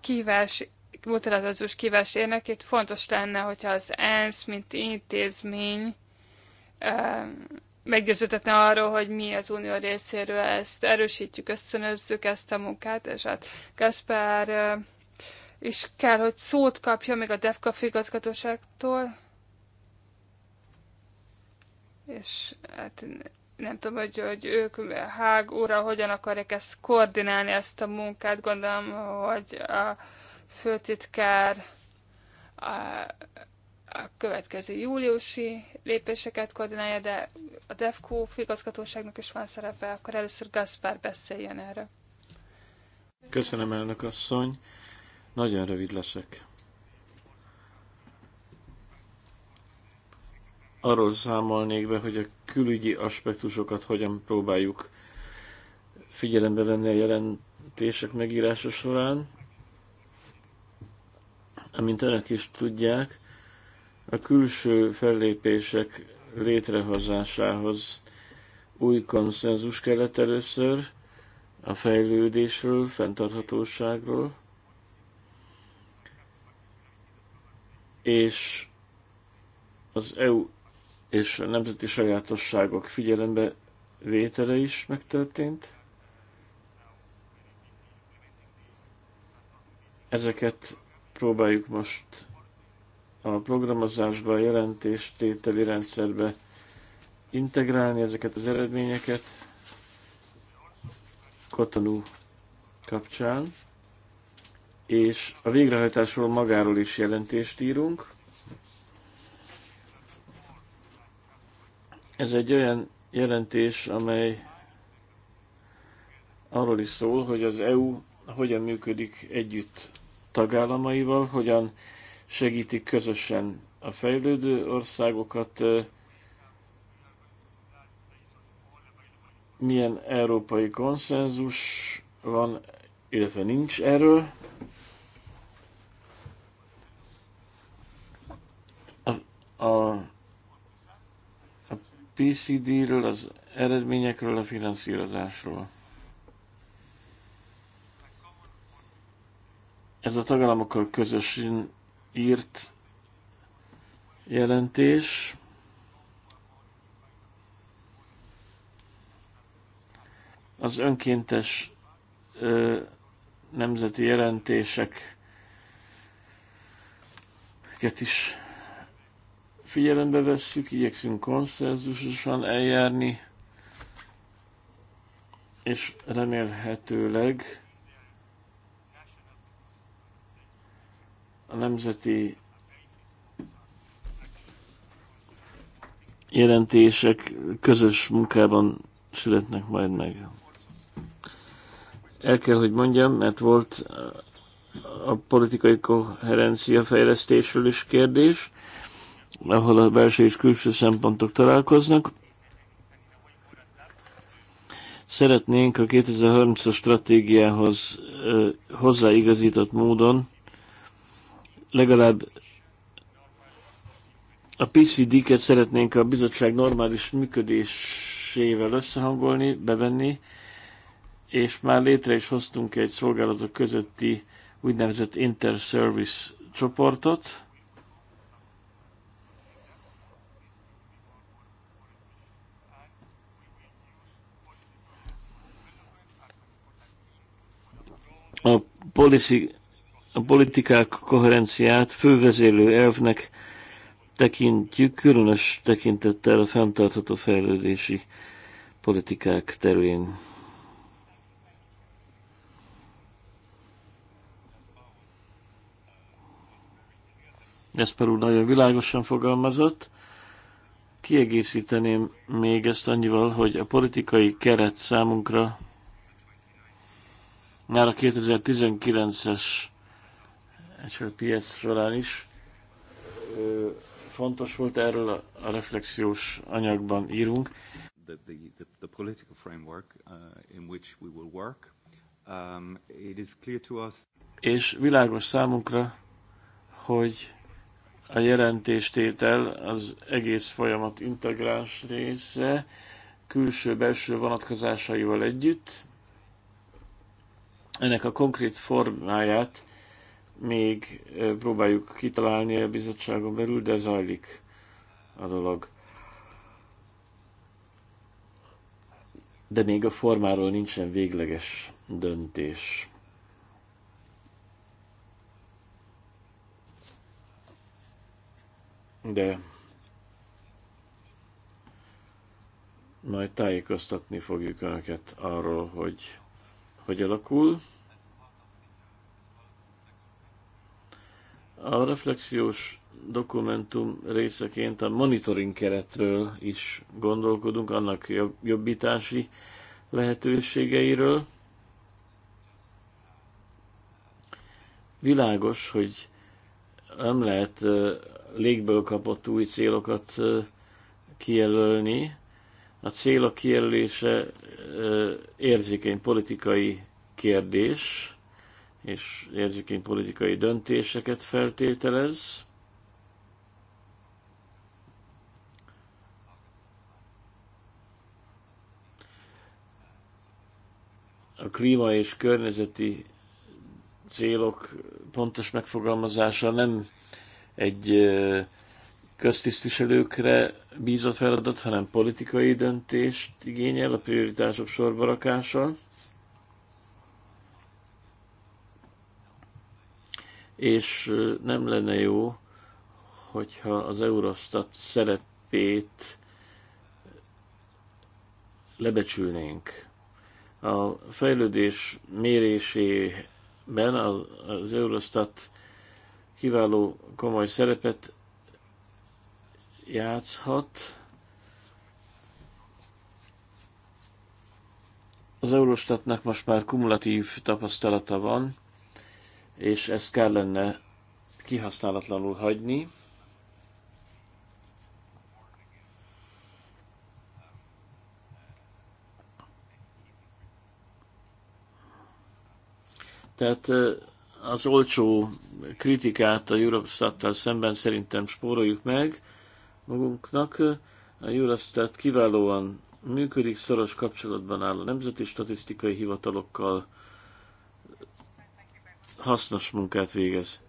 kívás, multilateralizmus kívás érnek, itt fontos lenne, hogyha az ENSZ, mint intézmény meggyőződhetne arról, hogy mi az unió részéről ezt erősítjük, összönözzük ezt a munkát, és hát Gaspár is kell, hogy szót kapja még a DEFKA főigazgatóságtól, és hát nem tudom, hogy, hogy ők Hág úrral hogyan akarják ezt koordinálni, ezt a munkát, gondolom, hogy a főtitkár a, a következő júliusi lépéseket koordinálja, de DEFCO főigazgatóságnak is van szerepe, akkor először Gaspar beszéljen erre. Köszönöm, elnök asszony. Nagyon rövid leszek. Arról számolnék be, hogy a külügyi aspektusokat hogyan próbáljuk figyelembe venni a jelentések megírása során. Amint önök is tudják, a külső fellépések létrehozásához új konszenzus kellett először a fejlődésről, fenntarthatóságról, és az EU és a nemzeti sajátosságok figyelembe vétele is megtörtént. Ezeket próbáljuk most a programozásba, a jelentéstételi rendszerbe integrálni ezeket az eredményeket Kotonú kapcsán, és a végrehajtásról magáról is jelentést írunk. Ez egy olyan jelentés, amely arról is szól, hogy az EU hogyan működik együtt tagállamaival, hogyan segítik közösen a fejlődő országokat, milyen európai konszenzus van, illetve nincs erről. A, a, a PCD-ről, az eredményekről, a finanszírozásról. Ez a tagállamokkal közösen írt jelentés. Az önkéntes ö, nemzeti jelentéseket is figyelembe vesszük, igyekszünk konszenzusosan eljárni, és remélhetőleg a nemzeti jelentések közös munkában születnek majd meg. El kell, hogy mondjam, mert volt uh, a politikai koherencia fejlesztésről is kérdés, ahol a belső és külső szempontok találkoznak. Szeretnénk a 2030-as stratégiához uh, hozzáigazított módon legalább a PCD-ket szeretnénk a bizottság normális működésével összehangolni, bevenni, és már létre is hoztunk egy szolgálatok közötti úgynevezett inter-service csoportot, a policy a politikák koherenciát fővezélő elvnek tekintjük, különös tekintettel a fenntartható fejlődési politikák terén. Eszper úr nagyon világosan fogalmazott. Kiegészíteném még ezt annyival, hogy a politikai keret számunkra már a 2019-es belső piac során is fontos volt, erről a reflexiós anyagban írunk. The, the, the political framework uh, in which we will work, um, it is clear to us. És világos számunkra, hogy a jelentéstétel az egész folyamat integráns része, külső-belső vonatkozásaival együtt. Ennek a konkrét formáját még próbáljuk kitalálni a bizottságon belül, de zajlik a dolog. De még a formáról nincsen végleges döntés. De majd tájékoztatni fogjuk Önöket arról, hogy hogy alakul. A reflexiós dokumentum részeként a monitoring keretről is gondolkodunk, annak jobbítási lehetőségeiről. Világos, hogy nem lehet légből kapott új célokat kijelölni. A célok kijelölése érzékeny politikai kérdés, és érzékeny politikai döntéseket feltételez. A klíma és környezeti célok pontos megfogalmazása nem egy köztisztviselőkre bízott feladat, hanem politikai döntést igényel a prioritások sorba rakása. és nem lenne jó, hogyha az Eurostat szerepét lebecsülnénk. A fejlődés mérésében az Eurostat kiváló komoly szerepet játszhat. Az Eurostatnak most már kumulatív tapasztalata van, és ezt kell lenne kihasználatlanul hagyni. Tehát az olcsó kritikát a Eurostat-tal szemben szerintem spóroljuk meg magunknak. A Eurostat kiválóan működik, szoros kapcsolatban áll a nemzeti statisztikai hivatalokkal, hasznos munkát végez.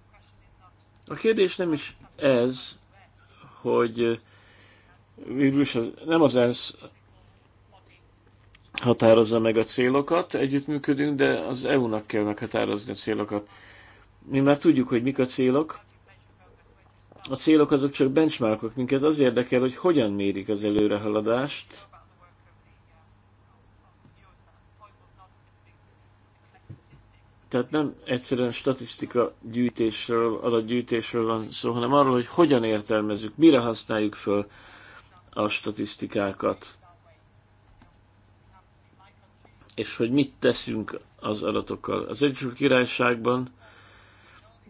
A kérdés nem is ez, hogy végül is az, nem az ENSZ határozza meg a célokat, együttműködünk, de az EU-nak kell meghatározni a célokat. Mi már tudjuk, hogy mik a célok. A célok azok csak benchmarkok. Minket az érdekel, hogy hogyan mérik az előrehaladást, Tehát nem egyszerűen statisztika gyűjtésről, adatgyűjtésről van szó, hanem arról, hogy hogyan értelmezzük, mire használjuk föl a statisztikákat, és hogy mit teszünk az adatokkal. Az Egyesült Királyságban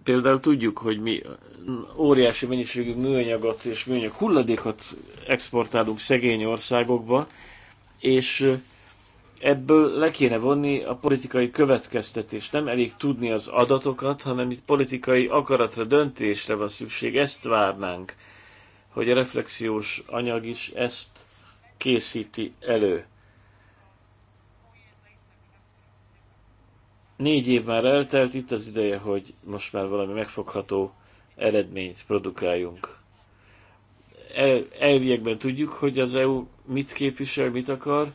például tudjuk, hogy mi óriási mennyiségű műanyagot és műanyag hulladékot exportálunk szegény országokba, és ebből le kéne vonni a politikai következtetést. Nem elég tudni az adatokat, hanem itt politikai akaratra, döntésre van szükség. Ezt várnánk, hogy a reflexiós anyag is ezt készíti elő. Négy év már eltelt, itt az ideje, hogy most már valami megfogható eredményt produkáljunk. El, elviekben tudjuk, hogy az EU mit képvisel, mit akar,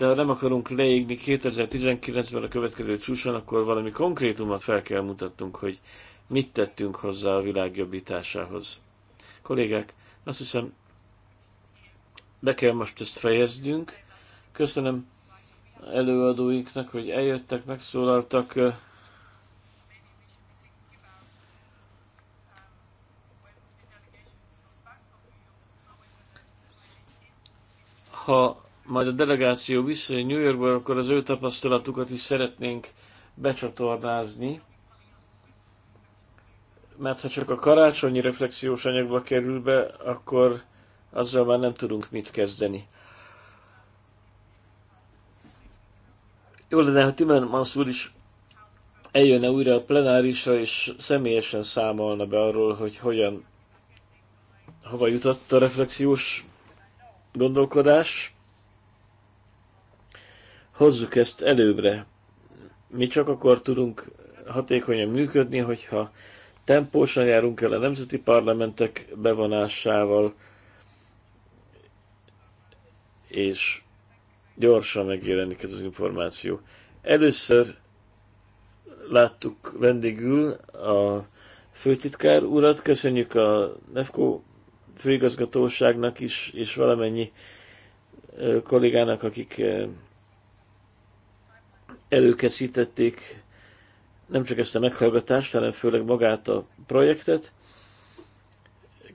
de ha nem akarunk leégni 2019-ben a következő csúcson, akkor valami konkrétumot fel kell mutatnunk, hogy mit tettünk hozzá a világ jobbításához. Kollégák, azt hiszem, be kell most ezt fejeznünk. Köszönöm előadóinknak, hogy eljöttek, megszólaltak. Ha majd a delegáció visszajön New Yorkba, akkor az ő tapasztalatukat is szeretnénk becsatornázni, mert ha csak a karácsonyi reflexiós anyagba kerül be, akkor azzal már nem tudunk mit kezdeni. Jó lenne, ha Timmermans Mansur is eljönne újra a plenárisra, és személyesen számolna be arról, hogy hogyan, hova jutott a reflexiós gondolkodás hozzuk ezt előbbre. Mi csak akkor tudunk hatékonyan működni, hogyha tempósan járunk el a nemzeti parlamentek bevonásával, és gyorsan megjelenik ez az információ. Először láttuk vendégül a főtitkár urat, köszönjük a NEFCO főigazgatóságnak is, és valamennyi kollégának, akik előkeszítették nem csak ezt a meghallgatást, hanem főleg magát a projektet.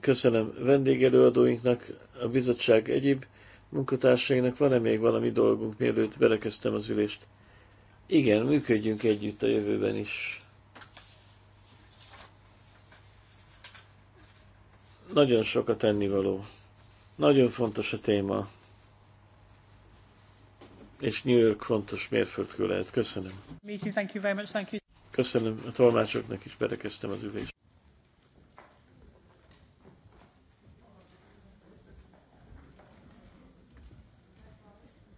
Köszönöm vendégelőadóinknak, a bizottság egyéb munkatársainak. Van-e még valami dolgunk, mielőtt berekeztem az ülést? Igen, működjünk együtt a jövőben is. Nagyon sok a tennivaló. Nagyon fontos a téma és New York fontos mérföldkő lehet. Köszönöm. Köszönöm, a tolmácsoknak is berekeztem az ülést.